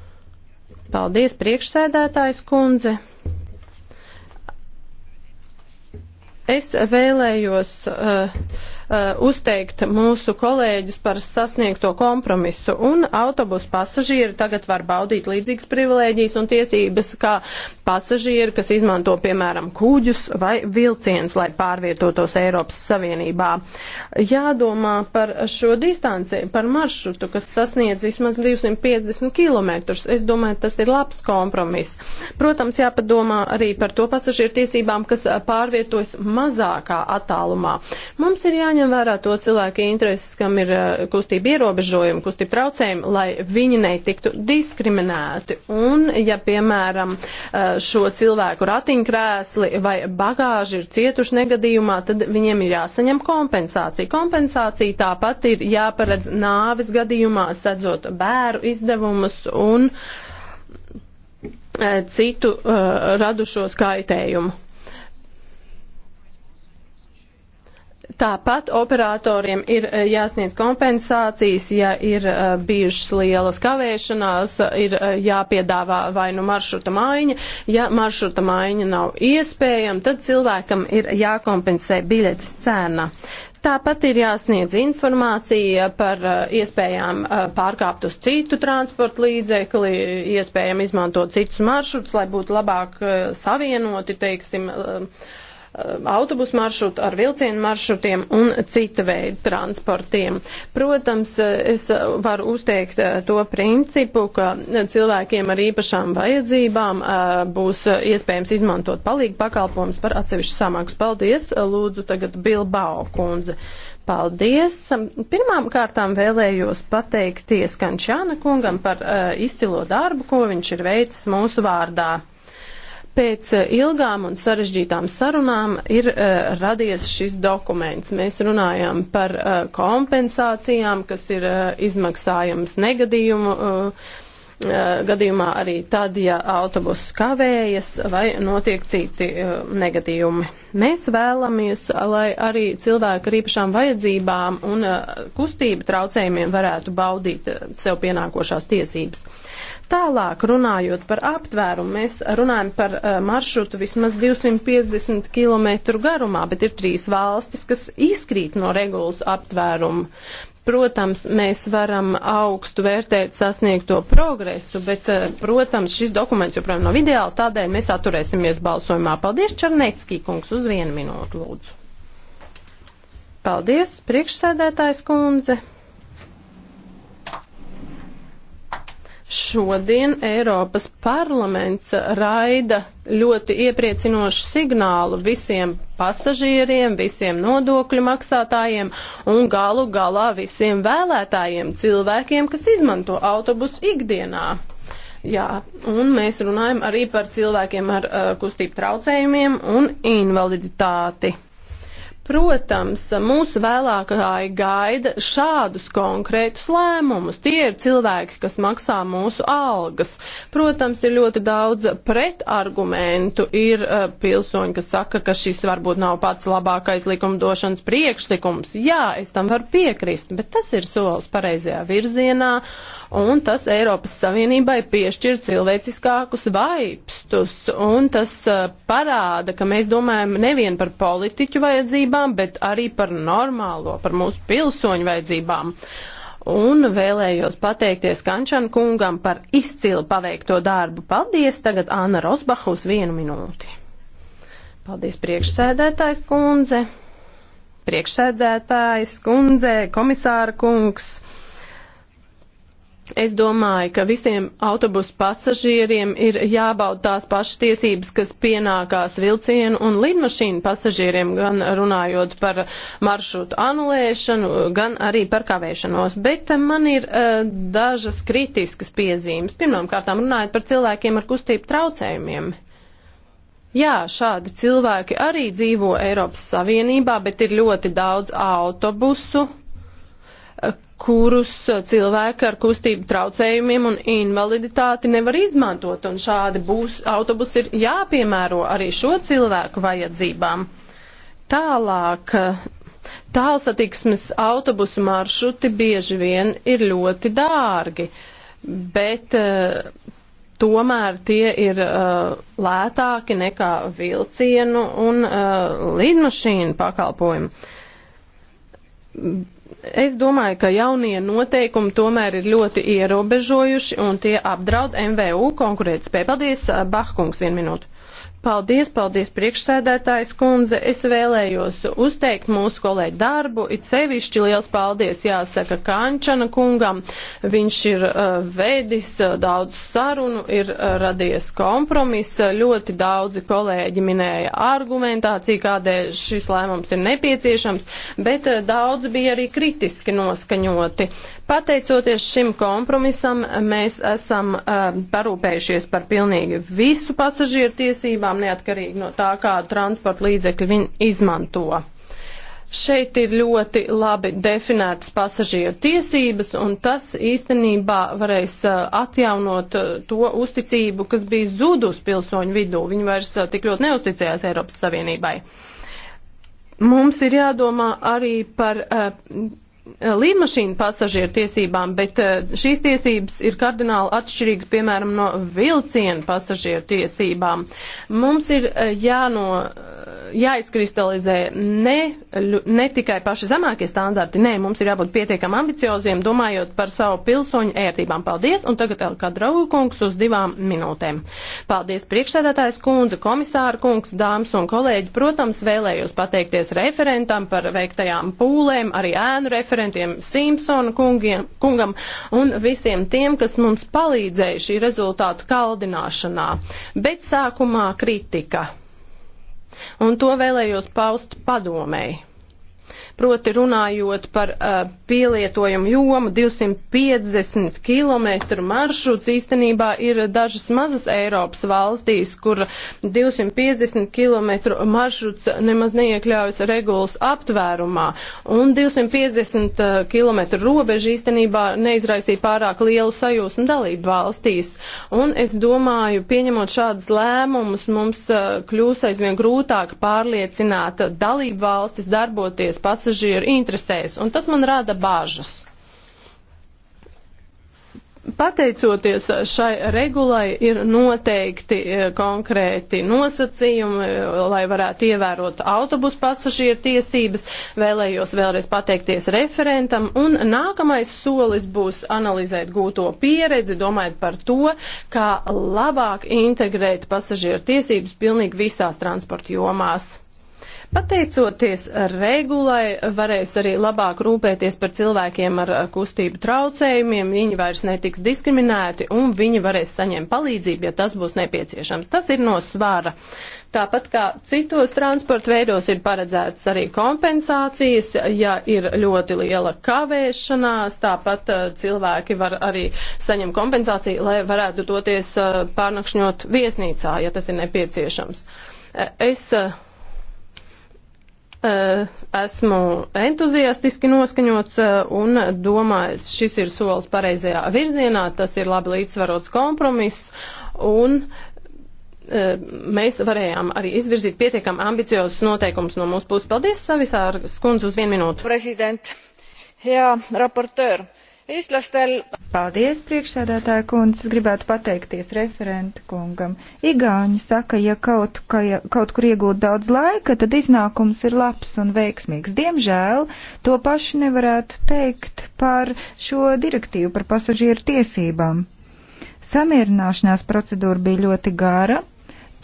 Paldies, priekšsēdētājs kundze. Es vēlējos. Uh, Uh, uzteikt mūsu kolēģus par sasniegto kompromisu. Un autobusu pasažieri tagad var baudīt līdzīgas privilēģijas un tiesības kā pasažieri, kas izmanto, piemēram, kūģus vai vilcienus, lai pārvietotos Eiropas Savienībā. Jādomā par šo distanci, par maršrutu, kas sasniedz vismaz 250 km. Es domāju, tas ir labs kompromiss. Protams, jāpadomā arī par to pasažieru tiesībām, kas pārvietojas mazākā attālumā. Mums ir jāņem jāņem vērā to cilvēku intereses, kam ir eh, kustība ierobežojumi, kustība traucējumi, lai viņi netiktu diskriminēti. Un, ja, piemēram, eh, šo cilvēku ratiņkrēsli vai bagāži ir cietuši negadījumā, tad viņiem ir jāsaņem kompensācija. Kompensācija tāpat ir jāparedz nāvis gadījumā, sedzot bēru izdevumus un eh, citu uh, radušo skaitējumu. Tāpat operatoriem ir e, jāsniedz kompensācijas, ja ir e, bijušas lielas kavēšanās, ir e, jāpiedāvā vai nu maršruta maiņa. Ja maršruta maiņa nav iespējama, tad cilvēkam ir jākompensē biļetes cena. Tāpat ir jāsniedz informācija par iespējām pārkāpt uz citu transportu līdzekli, iespējām izmantot citus maršrutus, lai būtu labāk savienoti, teiksim, uh, Um, autobusu maršrutu, ar vilcienu maršrutiem un cita veida transportiem. Protams, eh, es eh, varu uzteikt eh, to principu, ka cilvēkiem ar īpašām vajadzībām būs iespējams izmantot palīgu pakalpojumus par atsevišķu samaksu. Paldies! Lūdzu, tagad Bilbao kundze. Paldies! Pirmām kārtām vēlējos pateikties Kančāna kungam par uh, izcilo darbu, ko viņš ir veicis mūsu vārdā. Pēc eh, ilgām un sarežģītām sarunām ir uh, radies šis dokuments. Mēs runājam par uh, kompensācijām, kas ir uh, izmaksājams negadījumu. Uh, gadījumā arī tad, ja autobus kavējas vai notiek citi negadījumi. Mēs vēlamies, lai arī cilvēki ar īpašām vajadzībām un kustību traucējumiem varētu baudīt sev pienākošās tiesības. Tālāk runājot par aptvērumu, mēs runājam par uh, maršrutu vismaz 250 km garumā, bet ir trīs valstis, kas izkrīt no regulas aptvērumu. Protams, mēs varam augstu vērtēt sasniegto progresu, bet, uh, protams, šis dokuments joprojām nav ideāls, tādēļ mēs atturēsimies balsojumā. Paldies, Čarnecki kungs, uz vienu minūtu lūdzu. Paldies, priekšsēdētājs kundze. Šodien Eiropas parlaments raida ļoti iepriecinošu signālu visiem pasažieriem, visiem nodokļu maksātājiem un galu galā visiem vēlētājiem, cilvēkiem, kas izmanto autobusu ikdienā. Jā, un mēs runājam arī par cilvēkiem ar uh, kustību traucējumiem un invaliditāti. Protams, mūsu vēlākāji gaida šādus konkrētus lēmumus. Tie ir cilvēki, kas maksā mūsu algas. Protams, ir ļoti daudz pretargumentu. Ir uh, pilsoņi, kas saka, ka šis varbūt nav pats labākais likumdošanas priekšlikums. Jā, es tam varu piekrist, bet tas ir solis pareizajā virzienā un tas Eiropas Savienībai piešķir cilvēciskākus vaipstus, un tas parāda, ka mēs domājam nevien par politiķu vajadzībām, bet arī par normālo, par mūsu pilsoņu vajadzībām. Un vēlējos pateikties Kančan kungam par izcilu paveikto darbu. Paldies, tagad Anna Rosbaha uz vienu minūti. Paldies, priekšsēdētājs kundze priekšsēdētājs, kundze, komisāra kungs. Es domāju, ka visiem autobusu pasažieriem ir jābauda tās pašas tiesības, kas pienākās vilcienu un lidmašīnu pasažieriem, gan runājot par maršrutu anulēšanu, gan arī par kavēšanos. Bet man ir uh, dažas kritiskas piezīmes. Pirmkārt, runājot par cilvēkiem ar kustību traucējumiem. Jā, šādi cilvēki arī dzīvo Eiropas Savienībā, bet ir ļoti daudz autobusu, kurus cilvēki ar kustību traucējumiem un invaliditāti nevar izmantot, un šādi būs, autobusi ir jāpiemēro arī šo cilvēku vajadzībām. Tālāk, tālsatiksmes autobusu maršruti bieži vien ir ļoti dārgi, bet uh, tomēr tie ir uh, lētāki nekā vilcienu un uh, lidmašīnu pakalpojumu Es domāju, ka jaunie noteikumi tomēr ir ļoti ierobežojuši un tie apdraud MVU konkurētspēju. Paldies, Bahkungs, vienu minūtu. Paldies, paldies priekšsēdētājs kundze. Es vēlējos uzteikt mūsu kolēģi darbu. It sevišķi liels paldies jāsaka Kančana kungam. Viņš ir uh, vedis uh, daudz sarunu, ir uh, radies kompromis. Ļoti daudzi kolēģi minēja argumentāciju, kādēļ šis lēmums ir nepieciešams, bet uh, daudz bija arī kritiski noskaņoti. Pateicoties šim kompromisam, mēs esam uh, parūpējušies par pilnīgi visu pasažieru tiesībām, neatkarīgi no tā, kādu transporta līdzekļu viņi izmanto. Šeit ir ļoti labi definētas pasažieru tiesības, un tas īstenībā varēs eh, atjaunot eh, to uzticību, kas bija zudus pilsoņu vidū. Viņi vairs tik ļoti neusticējās Eiropas Savienībai. Mums ir jādomā arī par Eh, līdmašīnu pasažieru tiesībām, bet eh, šīs tiesības ir kardināli atšķirīgas, piemēram, no vilcienu pasažieru tiesībām. Mums ir eh, jāno, jāizkristalizē ne, ne tikai paši zemākie standarti, nē, mums ir jābūt pietiekam ambicioziem, domājot par savu pilsoņu ērtībām. Paldies, un tagad Elka Draugungs uz divām minūtēm. Paldies, priekšsēdētājs kundze, komisāra kungs, dāmas un kolēģi. Protams, vēlējos pateikties referentam par veiktajām pūlēm, arī ēnu referentam referentiem Simpsona kungiem, kungam un visiem tiem, kas mums palīdzēja šī rezultātu kaldināšanā. Bet sākumā kritika. Un to vēlējos paust padomēji. Proti runājot par uh, pielietojumu jomu, 250 km maršruts īstenībā ir dažas mazas Eiropas valstīs, kur 250 km maršruts nemaz neiekļaujas regulas aptvērumā. Un 250 uh, km robeža īstenībā neizraisīja pārāk lielu sajūsmu dalību valstīs. Un es domāju, pieņemot šādas lēmumus, mums uh, kļūs aizvien grūtāk pārliecināt dalību valstis darboties pasažieru interesēs, un tas man rada bāžas. Pateicoties šai regulai, ir noteikti e, konkrēti nosacījumi, e, lai varētu ievērot autobusu pasažieru tiesības. Vēlējos vēlreiz pateikties referentam, un nākamais solis būs analizēt gūto pieredzi, domājot par to, kā labāk integrēt pasažieru tiesības pilnīgi visās transporta jomās. Pateicoties regulai, varēs arī labāk rūpēties par cilvēkiem ar kustību traucējumiem, viņi vairs netiks diskriminēti un viņi varēs saņemt palīdzību, ja tas būs nepieciešams. Tas ir no svara. Tāpat kā citos transporta veidos ir paredzētas arī kompensācijas, ja ir ļoti liela kavēšanās, tāpat eh, cilvēki var arī saņemt kompensāciju, lai varētu doties eh, pārnakšņot viesnīcā, ja tas ir nepieciešams. Eh, es uh, Eh, esmu entuziastiski noskaņots eh, un domāju, šis ir solis pareizajā virzienā, tas ir labi līdzsvarots kompromiss un eh, mēs varējām arī izvirzīt pietiekam ambiciozus noteikumus no mūsu puses. Paldies, Savisāra skundze, uz vienu minūtu. Prezident, jā, raportēr. Eestlastel. Paldies, priekšsēdētāja kundze. Es gribētu pateikties referenta kungam. Igāņi saka, ja kaut, ka, ja kaut kur iegūt daudz laika, tad iznākums ir labs un veiksmīgs. Diemžēl to pašu nevarētu teikt par šo direktīvu par pasažieru tiesībām. Samierināšanās procedūra bija ļoti gara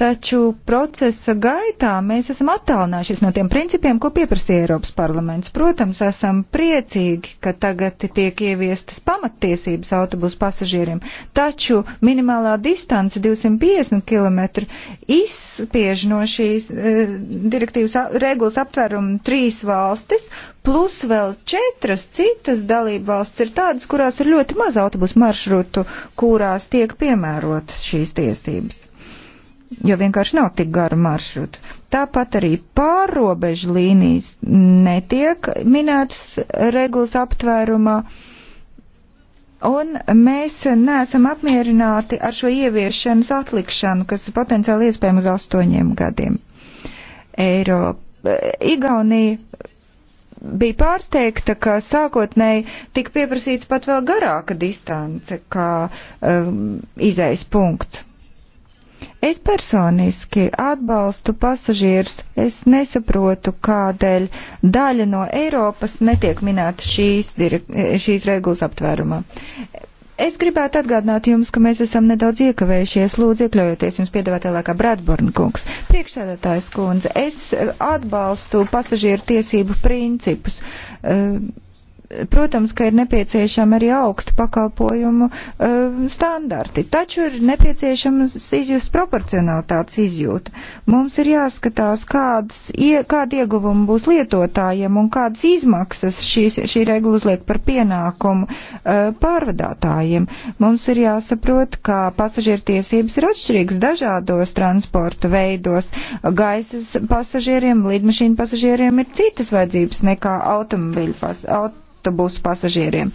Taču procesa gaitā mēs esam attālinājušies no tiem principiem, ko pieprasīja Eiropas parlaments. Protams, esam priecīgi, ka tagad tiek ieviestas pamattiesības autobusu pasažieriem, taču minimālā distance 250 km izspiež no šīs e, direktīvas regulas aptvērumu trīs valstis, plus vēl četras citas dalība valsts ir tādas, kurās ir ļoti maz autobusu maršrutu, kurās tiek piemērotas šīs tiesības jo vienkārši nav tik garu maršrutu. Tāpat arī pārobežu līnijas netiek minētas regulas aptvērumā, un mēs neesam apmierināti ar šo ieviešanas atlikšanu, kas potenciāli iespējams uz astoņiem gadiem. Eiropa, Igaunija bija pārsteigta, ka sākotnēji tika pieprasīts pat vēl garāka distance kā um, izējas punkts. Es personiski atbalstu pasažierus. Es nesaprotu, kādēļ daļa no Eiropas netiek minēta šīs, šīs regulas aptvērumā. Es gribētu atgādināt jums, ka mēs esam nedaudz iekavējušies. Lūdzu, iekļaujieties jums piedāvātajā laikā Bradburna kungs. Priekšsēdētājs kundze, es atbalstu pasažieru tiesību principus. Uh, Protams, ka ir nepieciešama arī augsta pakalpojumu uh, standarti, taču ir nepieciešams izjust proporcionalitātes izjūtu. Mums ir jāskatās, kādas, ie, kāda ieguvuma būs lietotājiem un kādas izmaksas šīs, šī regula uzliek par pienākumu uh, pārvadātājiem. Mums ir jāsaprot, ka pasažiertiesības ir atšķirīgas dažādos transporta veidos. Gaisas pasažieriem, lidmašīnu pasažieriem ir citas vajadzības nekā automobiļu pasažieriem. Aut autobusu pasažieriem.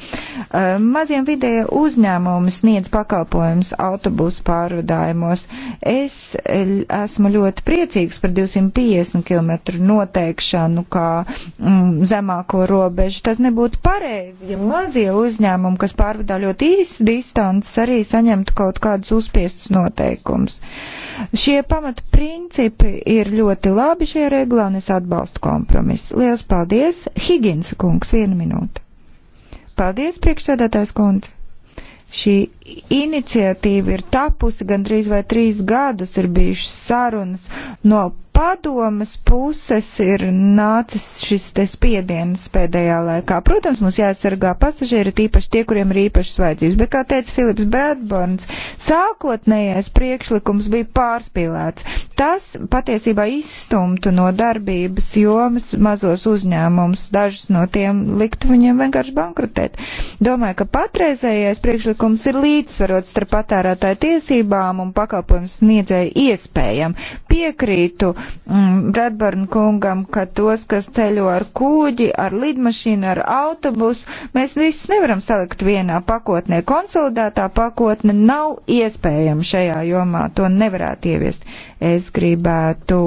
Maziem vidēja uzņēmumi sniedz pakalpojumus autobusu pārvadājumos. Es esmu ļoti priecīgs par 250 km noteikšanu kā mm, zemāko robežu. Tas nebūtu pareizi, ja mazie uzņēmumi, kas pārvadā ļoti īsu distances, arī saņemtu kaut kādus uzspiestus noteikumus. Šie pamata principi ir ļoti labi šajā regulā un es atbalstu kompromisu. Lielas paldies! Higins kungs, vienu minūti. Paldies, priekšsēdētājs kundze! Šī iniciatīva ir tapusi gandrīz vai trīs gadus, ir bijušas sarunas no padomas puses ir nācis šis te spiediens pēdējā laikā. Protams, mums jāaizsargā pasažieri, tīpaši tie, kuriem ir īpašas vajadzības. Bet, kā teica Filips Bradborns, sākotnējais priekšlikums bija pārspīlēts. Tas patiesībā izstumtu no darbības jomas mazos uzņēmumus, dažus no tiem liktu viņiem vienkārši bankrutēt. Domāju, ka patreizējais priekšlikums ir līdzsvarots starp patērētāju tiesībām un pakalpojumu sniedzēju iespējām. Piekrītu Mm, Bradburn kungam, ka tos, kas ceļo ar kūģi, ar lidmašīnu, ar autobusu, mēs visus nevaram salikt vienā pakotnē. Konsolidētā pakotne nav iespējama šajā jomā, to nevarētu ieviest. Es gribētu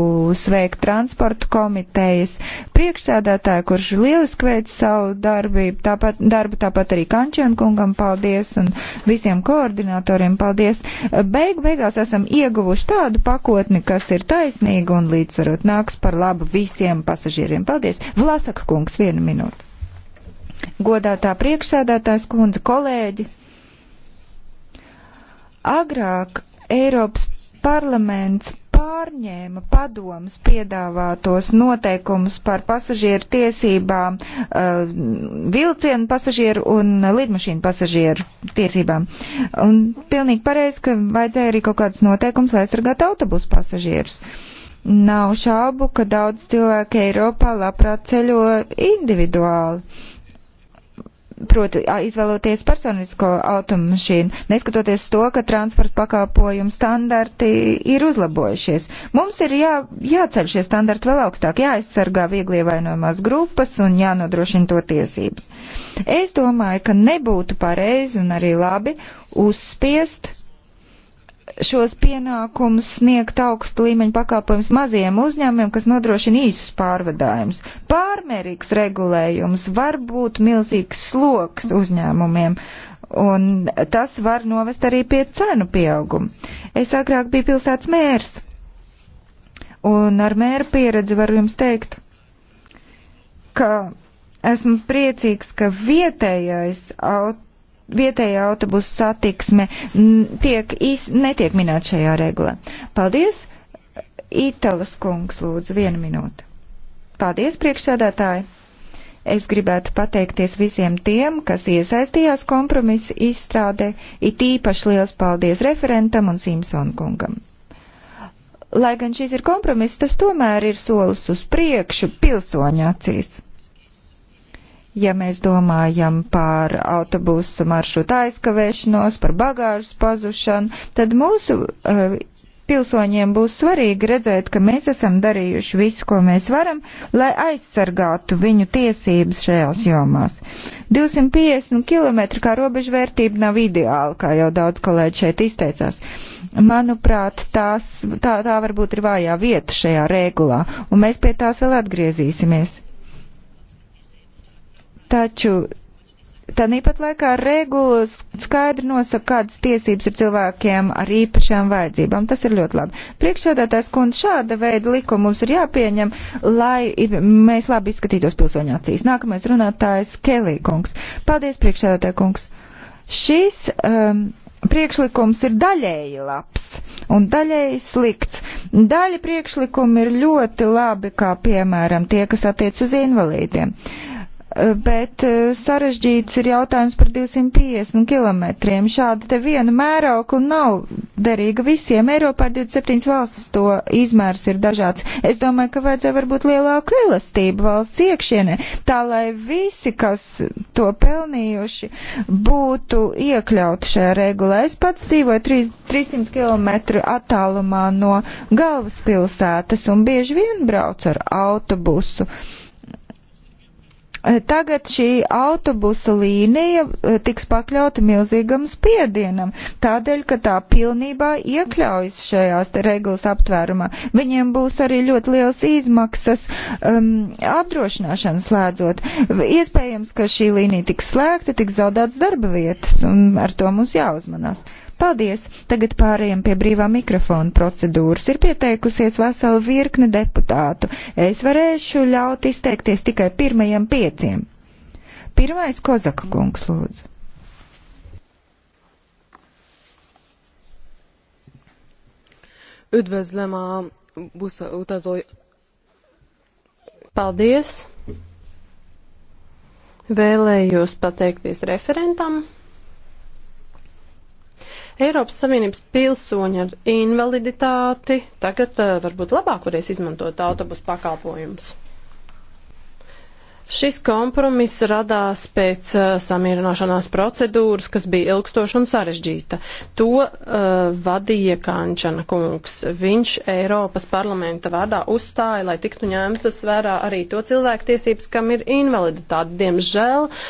sveikt transportu komitejas priekšsēdētāju, kurš lieliski veic savu darbību, tāpat, darbu, tāpat arī Kančian kungam paldies un visiem koordinatoriem paldies. Beig beigās esam ieguvuši tādu pakotni, kas ir taisnīga un un līdzsvarot nāks par labu visiem pasažieriem. Paldies! Vlasaka kungs, vienu minūtu. Godātā priekšsēdētājs kundze, kolēģi. Agrāk Eiropas parlaments pārņēma padomas piedāvātos noteikumus par pasažieru tiesībām, uh, vilcienu pasažieru un lidmašīnu pasažieru tiesībām. Un pilnīgi pareizi, ka vajadzēja arī kaut kāds noteikums, lai aizsargātu autobusu pasažierus. Uh, Nav šaubu, ka daudz cilvēku Eiropā labprāt ceļo individuāli proti izvēloties personisko automašīnu, neskatoties to, ka transporta pakalpojumu standarti ir uzlabojušies. Mums ir jā, jāceļ šie standarti vēl augstāk, jāaizsargā viegli ievainojumās grupas un jānodrošina to tiesības. Es domāju, ka nebūtu pareizi un arī labi uzspiest šos pienākumus sniegt augstu līmeņu pakalpojumus maziem uzņēmumiem, kas nodrošina īsus pārvadājumus. Pārmērīgs regulējums var būt milzīgs sloks uzņēmumiem. Un tas var novest arī pie cenu pieauguma. Es agrāk biju pilsētas mērs, un ar mēru pieredzi varu jums teikt, ka esmu priecīgs, ka vietējais auto vietējā autobusu satiksme tiek īs, netiek minēta šajā regulā. Paldies! Itālas kungs, lūdzu, vienu minūtu. Paldies, priekšsādātāji! Es gribētu pateikties visiem tiem, kas iesaistījās kompromisa izstrādē, it īpaši liels paldies referentam un Simpson kungam. Lai gan šis ir kompromiss, tas tomēr ir solis uz priekšu pilsoņu acīs ja mēs domājam par autobusu maršrutu aizkavēšanos, par bagāžas pazušanu, tad mūsu uh, pilsoņiem būs svarīgi redzēt, ka mēs esam darījuši visu, ko mēs varam, lai aizsargātu viņu tiesības šajās jomās. 250 km kā robežvērtība nav ideāla, kā jau daudz kolēģi šeit izteicās. Manuprāt, tās, tā, tā varbūt ir vājā vieta šajā regulā, un mēs pie tās vēl atgriezīsimies. Taču Tāpat laikā regula skaidri nosaka, kādas tiesības ir cilvēkiem ar īpašām vajadzībām. Tas ir ļoti labi. Priekšsēdētājs kundze, šāda veida likuma mums ir jāpieņem, lai mēs labi izskatītos pilsoņu acīs. Nākamais runātājs Kelī kungs. Paldies, priekšsēdētāj kungs. Šis um, priekšlikums ir daļēji labs un daļēji slikts. Daļa priekšlikumi ir ļoti labi, kā piemēram tie, kas attiec uz invalīdiem. Uh, Eh, bet eh, sarežģīts ir jautājums par 250 kilometriem. Šāda te viena mērokla nav derīga visiem. Eiropā ir 27 valstis, to izmērs ir dažāds. Es domāju, ka vajadzēja varbūt lielāku elastību valsts iekšienē, tā lai visi, kas to pelnījuši, būtu iekļauti šajā regulē. Es pats dzīvoju 3, 300 km attālumā no galvaspilsētas un bieži vien braucu ar autobusu. Uh, Eh, tagad šī autobusu līnija eh, tiks pakļauta milzīgam spiedienam, tādēļ, ka tā pilnībā iekļaujas šajās regulas aptvērumā. Viņiem būs arī ļoti liels izmaksas um, apdrošināšanas slēdzot. Iespējams, ka šī līnija tiks slēgta, tiks zaudēts darba vietas, un ar to mums jāuzmanās. Paldies! Tagad pārējiem pie brīvā mikrofona procedūras. Ir pieteikusies vesela virkne deputātu. Es varēšu ļaut izteikties tikai pirmajiem pieciem. Pirmais Kozaka kungs lūdzu. Üdvözlöm a busz utazó... Paldies! Vēlējos pateikties referentam. Eiropas Savienības pilsoņi ar invaliditāti tagad uh, varbūt labāk varēs izmantot autobusu pakalpojumus. Šis kompromiss radās pēc uh, samierināšanās procedūras, kas bija ilgstoša un sarežģīta. To uh, vadīja Kančana kungs. Viņš Eiropas parlamenta vārdā uzstāja, lai tiktu ņemtas vērā arī to cilvēktiesības, kam ir invaliditāte. Diemžēl uh,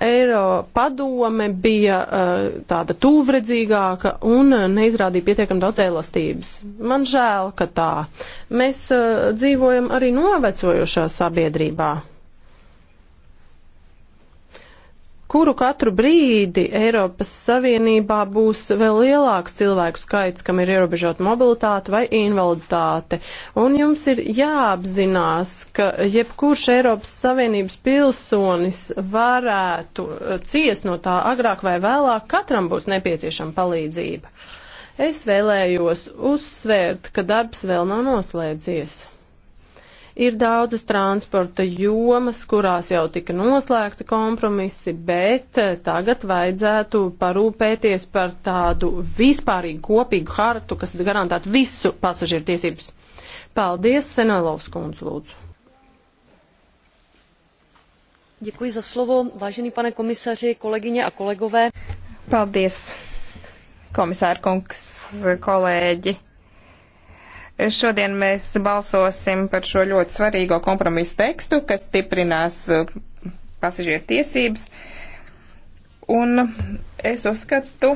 Eiro padome bija uh, tāda tūvredzīgāka un uh, neizrādīja pietiekam daudz elastības. Man žēl, ka tā. Mēs uh, dzīvojam arī novecojošā sabiedrībā. kuru katru brīdi Eiropas Savienībā būs vēl lielāks cilvēku skaits, kam ir ierobežota mobilitāte vai invaliditāte. Un jums ir jāapzinās, ka jebkurš Eiropas Savienības pilsonis varētu eh, ciest no tā agrāk vai vēlāk, katram būs nepieciešama palīdzība. Es vēlējos uzsvērt, ka darbs vēl nav noslēdzies. Ir daudzas transporta jomas, kurās jau tika noslēgta kompromisi, bet eh, tagad vajadzētu parūpēties par tādu vispārīgu kopīgu hartu, kas garantētu visu pasažieru tiesības. Paldies, Senelovs kundz, lūdzu. Děkuji za slovo, vážený pane komisaři, kolegyně a kolegové. Paldies, komisārkungs, kolēģi. Šodien mēs balsosim par šo ļoti svarīgo kompromisu tekstu, kas stiprinās uh, pasažieru tiesības. Un es uzskatu,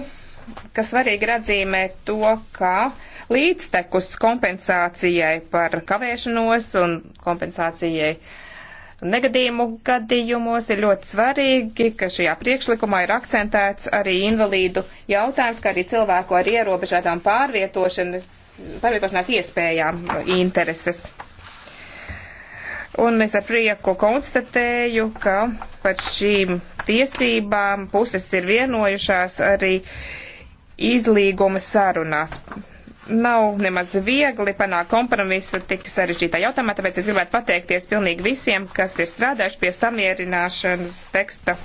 ka svarīgi ir atzīmēt to, ka līdztekus kompensācijai par kavēšanos un kompensācijai negadījumu gadījumos ir ļoti svarīgi, ka šajā priekšlikumā ir akcentēts arī invalīdu jautājums, kā arī cilvēku ar ierobežētām pārvietošanas pārvietošanās iespējām intereses. Un es ar prieku konstatēju, ka par šīm tiesībām puses ir vienojušās arī izlīguma sarunās. Nav nemaz viegli panākt kompromisu tik sarežģītā jautājumā, tāpēc es gribētu pateikties pilnīgi visiem, kas ir strādājuši pie samierināšanas teksta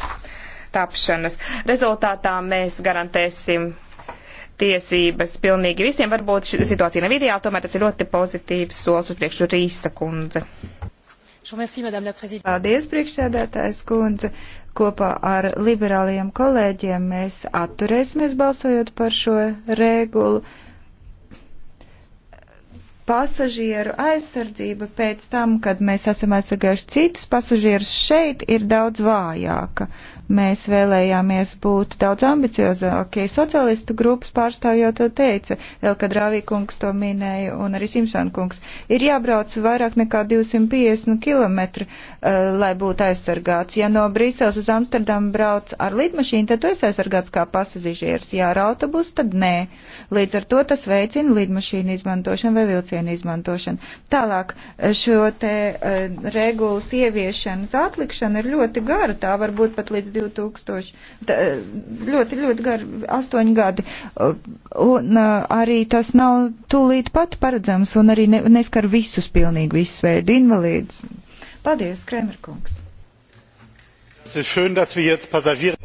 tapšanas. Rezultātā mēs garantēsim tiesības pilnīgi visiem. Varbūt šī situācija nav ideāla, tomēr tas ir ļoti pozitīvs solis uz priekšu Rīsa kundze. Paldies, priekšsēdētājs kundze. Kopā ar liberāliem kolēģiem mēs atturēsimies balsojot par šo regulu pasažieru aizsardzība pēc tam, kad mēs esam aizsargājuši citus pasažierus šeit, ir daudz vājāka. Mēs vēlējāmies būt daudz ambiciozākie. Socialistu grupas pārstāvja jau to teica, Elka Drāvī kungs to minēja un arī Simson kungs. Ir jābrauc vairāk nekā 250 km, uh, lai būtu aizsargāts. Ja no Brīseles uz Amsterdamu brauc ar lidmašīnu, tad tu esi aizsargāts kā pasažieris. Ja ar autobusu, tad nē. Līdz ar to tas veicina lidmašīnu izmantošanu vai vilcienu izmantošanu. Tālāk eh, šo te uh, regulas ieviešanas atlikšana ir ļoti gara. Tā var būt pat līdz 2000, tā, ļoti, ļoti gari, astoņi gadi. Un uh, arī tas nav tūlīt pat paredzams un arī ne, neskar visus pilnīgi visus veidu invalīdus. Paldies, Kremerkungs!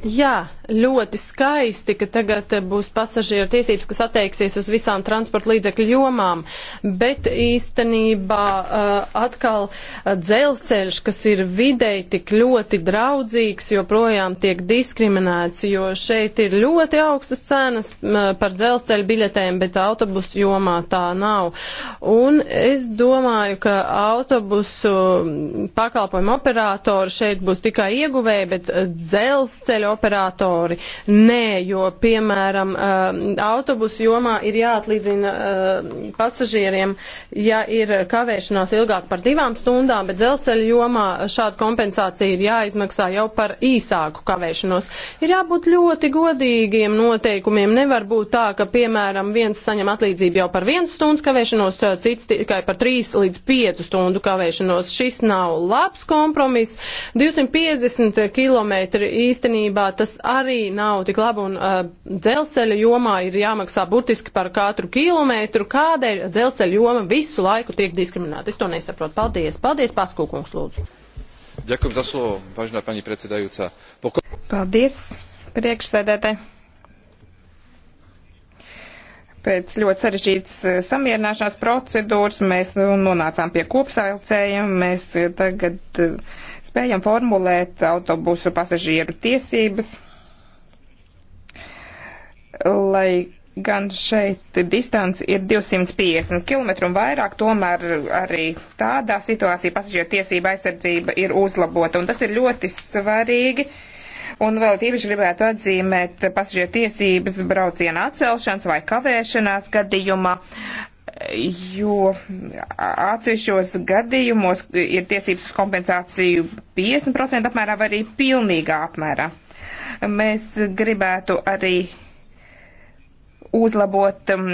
Jā, ļoti skaisti, ka tagad būs pasažieru tiesības, kas attieksies uz visām transporta līdzekļu jomām, bet īstenībā eh, atkal eh, dzelzceļš, kas ir videi tik ļoti draudzīgs, joprojām tiek diskriminēts, jo šeit ir ļoti augstas cenas eh, par dzelzceļu biļetēm, bet autobusu jomā tā nav. Un es domāju, ka autobusu mm, pakalpojumu operātori šeit būs tikai ieguvēji guvēji, bet eh, dzelzceļa operatori nē, jo, piemēram, eh, autobusu jomā ir jāatlīdzina eh, pasažieriem, ja ir kavēšanās ilgāk par divām stundām, bet dzelzceļa jomā šāda kompensācija ir jāizmaksā jau par īsāku kavēšanos. Ir jābūt ļoti godīgiem noteikumiem. Nevar būt tā, ka, piemēram, viens saņem atlīdzību jau par viens stundas kavēšanos, cits tikai par trīs līdz piecu stundu kavēšanos. Šis nav labs kompromiss. 250 kilometri īstenībā tas arī nav tik labi un uh, dzelzceļa jomā ir jāmaksā burtiski par katru kilometru. Kādēļ dzelzceļa joma visu laiku tiek diskriminēta? Es to nesaprotu. Paldies. Paldies, Paskūkungs, lūdzu. Ďakujem za slovo, vážená pani predsedajúca. Poko... Paldies, priekšsēdētāji. Pēc ļoti sarežģītas eh, samierināšanās procedūras mēs nu, nonācām pie kopsavilcējiem. Mēs eh, tagad eh, spējam formulēt autobusu pasažieru tiesības, lai gan šeit distance ir 250 km un vairāk, tomēr arī tādā situācijā pasažieru tiesība aizsardzība ir uzlabota, un tas ir ļoti svarīgi. Un vēl tīpaši gribētu atzīmēt pasažieru tiesības brauciena atcelšanas vai kavēšanās gadījumā, jo atsevišķos gadījumos ir tiesības uz kompensāciju 50% apmērā vai arī pilnīgā apmērā. Mēs gribētu arī uzlabot um,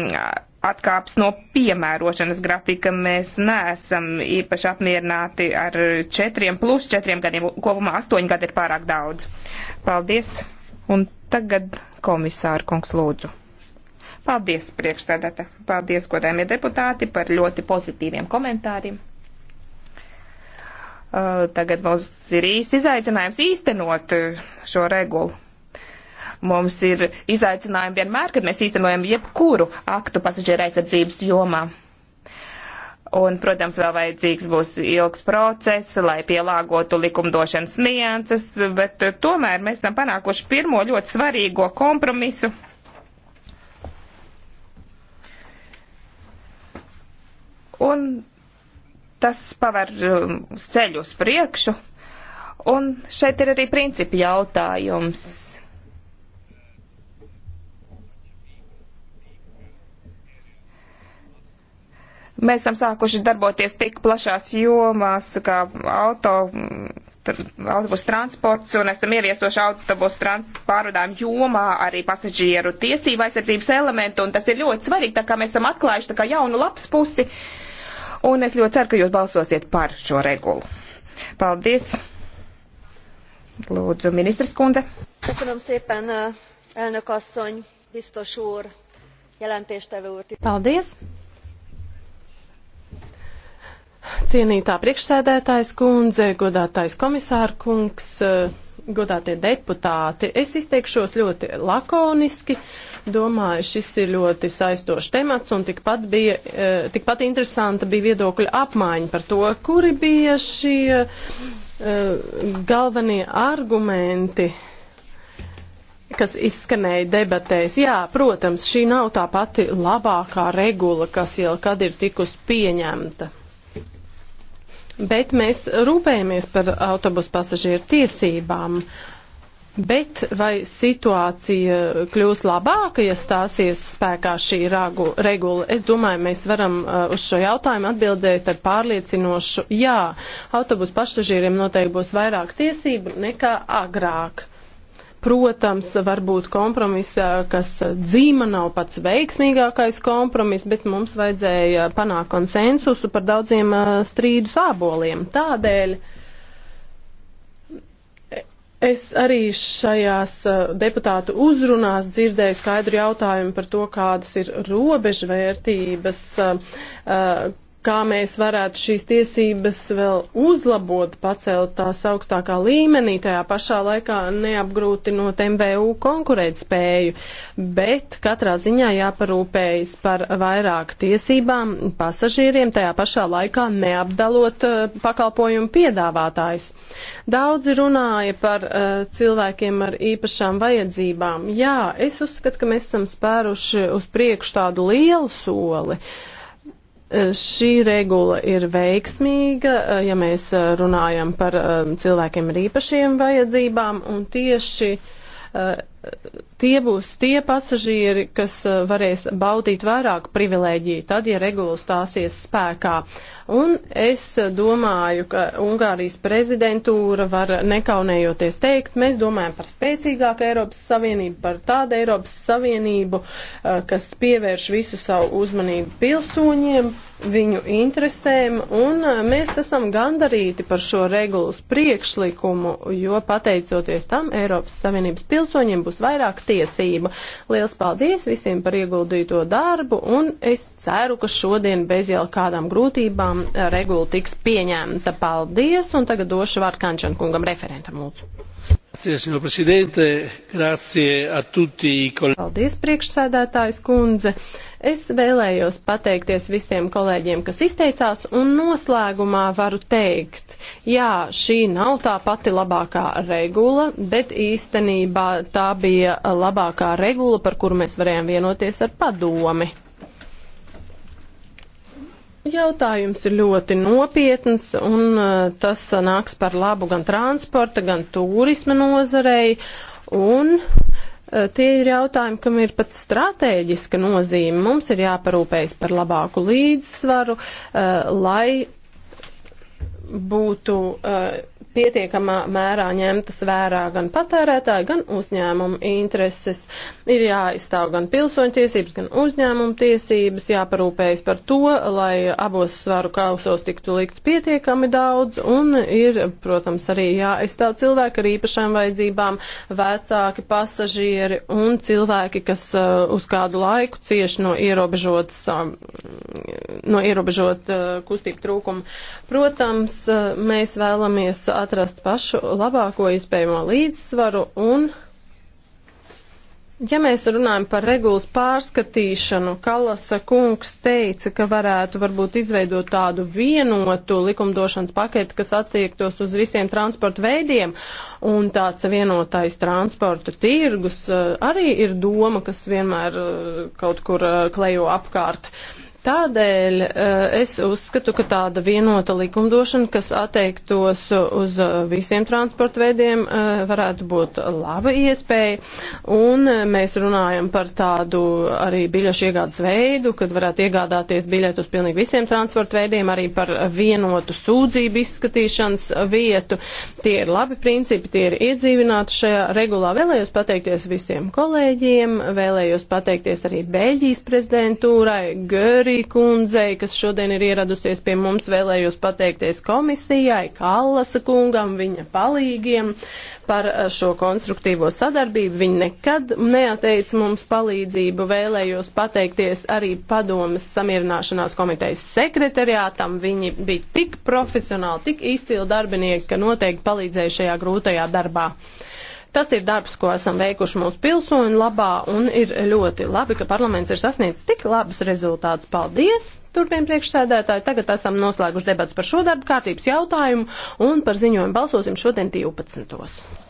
atkāps no piemērošanas grafika. Mēs neesam īpaši apmierināti ar četriem plus četriem gadiem. Kopumā astoņi gadi ir pārāk daudz. Paldies. Un tagad komisāra kungs lūdzu. Paldies, priekšstādāta. Paldies, godājumie deputāti, par ļoti pozitīviem komentāriem. Uh, tagad mums ir īsts izaicinājums īstenot uh, šo regulu. Mums ir izaicinājumi vienmēr, kad mēs īstenojam jebkuru aktu pasažieru aizsardzības jomā. Un, protams, vēl vajadzīgs būs ilgs process, lai pielāgotu likumdošanas nianses, bet uh, tomēr mēs esam panākuši pirmo ļoti svarīgo kompromisu un tas paver um, ceļu uz priekšu. Un šeit ir arī principi jautājums. Mēs esam sākuši darboties tik plašās jomās kā auto autobusu transports un esam ieviesoši autobusu pārvadājumu jomā arī pasažieru tiesību aizsardzības elementu, un tas ir ļoti svarīgi, tā kā mēs esam atklājuši tā kā jaunu labs pusi, un es ļoti ceru, ka jūs balsosiet par šo regulu. Paldies! Lūdzu, ministrs kundze. Köszönöm szépen, eh, elnök asszony, biztos úr, jelentéstevő úr. Paldies! Cienītā priekšsēdētājs kundze, godātais komisāra kungs, eh, godātie deputāti, es izteikšos ļoti lakoniski. Domāju, šis ir ļoti saistošs temats un tikpat, bija, eh, tikpat interesanta bija viedokļa apmaiņa par to, kuri bija šie eh, galvenie argumenti kas izskanēja debatēs. Jā, protams, šī nav tā pati labākā regula, kas jau kad ir tikus pieņemta bet mēs rūpējamies par autobusu pasažieru tiesībām. Bet vai situācija kļūs labāka, ja stāsies spēkā šī ragu, regula? Es domāju, mēs varam uh, uz šo jautājumu atbildēt ar pārliecinošu jā. Autobus pasažieriem noteikti būs vairāk tiesību nekā agrāk. Protams, varbūt kompromiss, kas dzīma nav pats veiksmīgākais kompromiss, bet mums vajadzēja panākt konsensusu par daudziem strīdu sāboliem. Tādēļ es arī šajās deputātu uzrunās dzirdēju skaidru jautājumu par to, kādas ir robežvērtības, kā mēs varētu šīs tiesības vēl uzlabot, pacelt tās augstākā līmenī, tajā pašā laikā neapgrūtinot MVU konkurētspēju, bet katrā ziņā jāparūpējas par vairāk tiesībām pasažīriem, tajā pašā laikā neapdalot eh, pakalpojumu piedāvātājus. Daudzi runāja par uh, cilvēkiem ar īpašām vajadzībām. Jā, es uzskatu, ka mēs esam spēruši uz priekšu tādu lielu soli. Uh, Eh, šī regula ir veiksmīga, eh, ja mēs eh, runājam par cilvēkiem ar īpašiem vajadzībām, un tieši Tie būs tie pasažieri, kas e, varēs baudīt vairāk privilēģiju, tad, ja regula stāsies spēkā. Un es domāju, ka Ungārijas prezidentūra var nekaunējoties teikt, mēs domājam par spēcīgāku Eiropas Savienību, par tādu Eiropas Savienību, e, kas pievērš visu savu uzmanību pilsoņiem, viņu interesēm, un e, mēs esam gandarīti par šo regulas priekšlikumu, jo pateicoties tam Eiropas Savienības pilsoņiem būs vairāk patiesība. Liels paldies visiem par ieguldīto darbu, un es ceru, ka šodien bez jau kādām grūtībām regula tiks pieņemta. Paldies, un tagad došu vārdu Kančankungam referentam lūdzu. Signor Presidente, grazie a tutti i kolēģi. Paldies, priekšsēdētājs kundze. Es vēlējos pateikties visiem kolēģiem, kas izteicās, un noslēgumā varu teikt, jā, šī nav tā pati labākā regula, bet īstenībā tā bija labākā regula, par kuru mēs varējām vienoties ar padomi. Jautājums ir ļoti nopietns, un eh, tas nāks par labu gan transporta, gan turisma nozarei, un eh, tie ir jautājumi, kam ir pat strateģiska nozīme. Mums ir jāparūpējas par labāku līdzsvaru, eh, lai būtu pietiekamā mērā ņemtas vērā gan patērētāji, gan uzņēmumu intereses. Ir jāizstāv gan pilsoņu tiesības, gan uzņēmumu tiesības, jāparūpējas par to, lai abos svaru kausos tiktu likts pietiekami daudz, un ir, protams, arī jāizstāv cilvēki ar īpašām vajadzībām, vecāki, pasažieri un cilvēki, kas uh, uz kādu laiku cieši no ierobežotas, uh, no ierobežot uh, kustību trūkuma. Protams, uh, mēs vēlamies atrast pašu labāko iespējamo līdzsvaru un, ja mēs runājam par regulas pārskatīšanu, Kalasa kungs teica, ka varētu varbūt izveidot tādu vienotu likumdošanas paketi, kas attiektos uz visiem transporta veidiem, un tāds vienotais transporta tirgus eh, arī ir doma, kas vienmēr eh, kaut kur eh, klejo apkārt. Uh, Tādēļ eh, es uzskatu, ka tāda vienota likumdošana, kas attiektos uz eh, visiem transporta veidiem, eh, varētu būt laba iespēja. Un mēs runājam par tādu arī biļešu iegādes veidu, kad varētu iegādāties biļetu uz pilnīgi visiem transporta veidiem, arī par vienotu sūdzību izskatīšanas vietu. Tie ir labi principi, tie ir iedzīvināti šajā regulā. Vēlējos pateikties visiem kolēģiem, vēlējos pateikties arī Beļģijas prezidentūrai, Göri Dali kundzei, kas šodien ir ieradusies pie mums, vēlējos pateikties komisijai, Kallasa kungam, viņa palīgiem par eh, šo konstruktīvo sadarbību. Viņi nekad neateica mums palīdzību. Vēlējos pateikties arī padomas samierināšanās komitejas sekretariātam. Viņi bija tik profesionāli, tik izcili darbinieki, ka noteikti palīdzēja šajā grūtajā darbā. Tas ir darbs, ko esam veikuši mūsu pilsoņu labā, un ir ļoti labi, ka parlaments ir sasniedzis tik labus rezultātus. Paldies! Turpin priekšsēdētāji, tagad esam noslēguši debats par šo darbu kārtības jautājumu, un par ziņojumu balsosim šodien 12.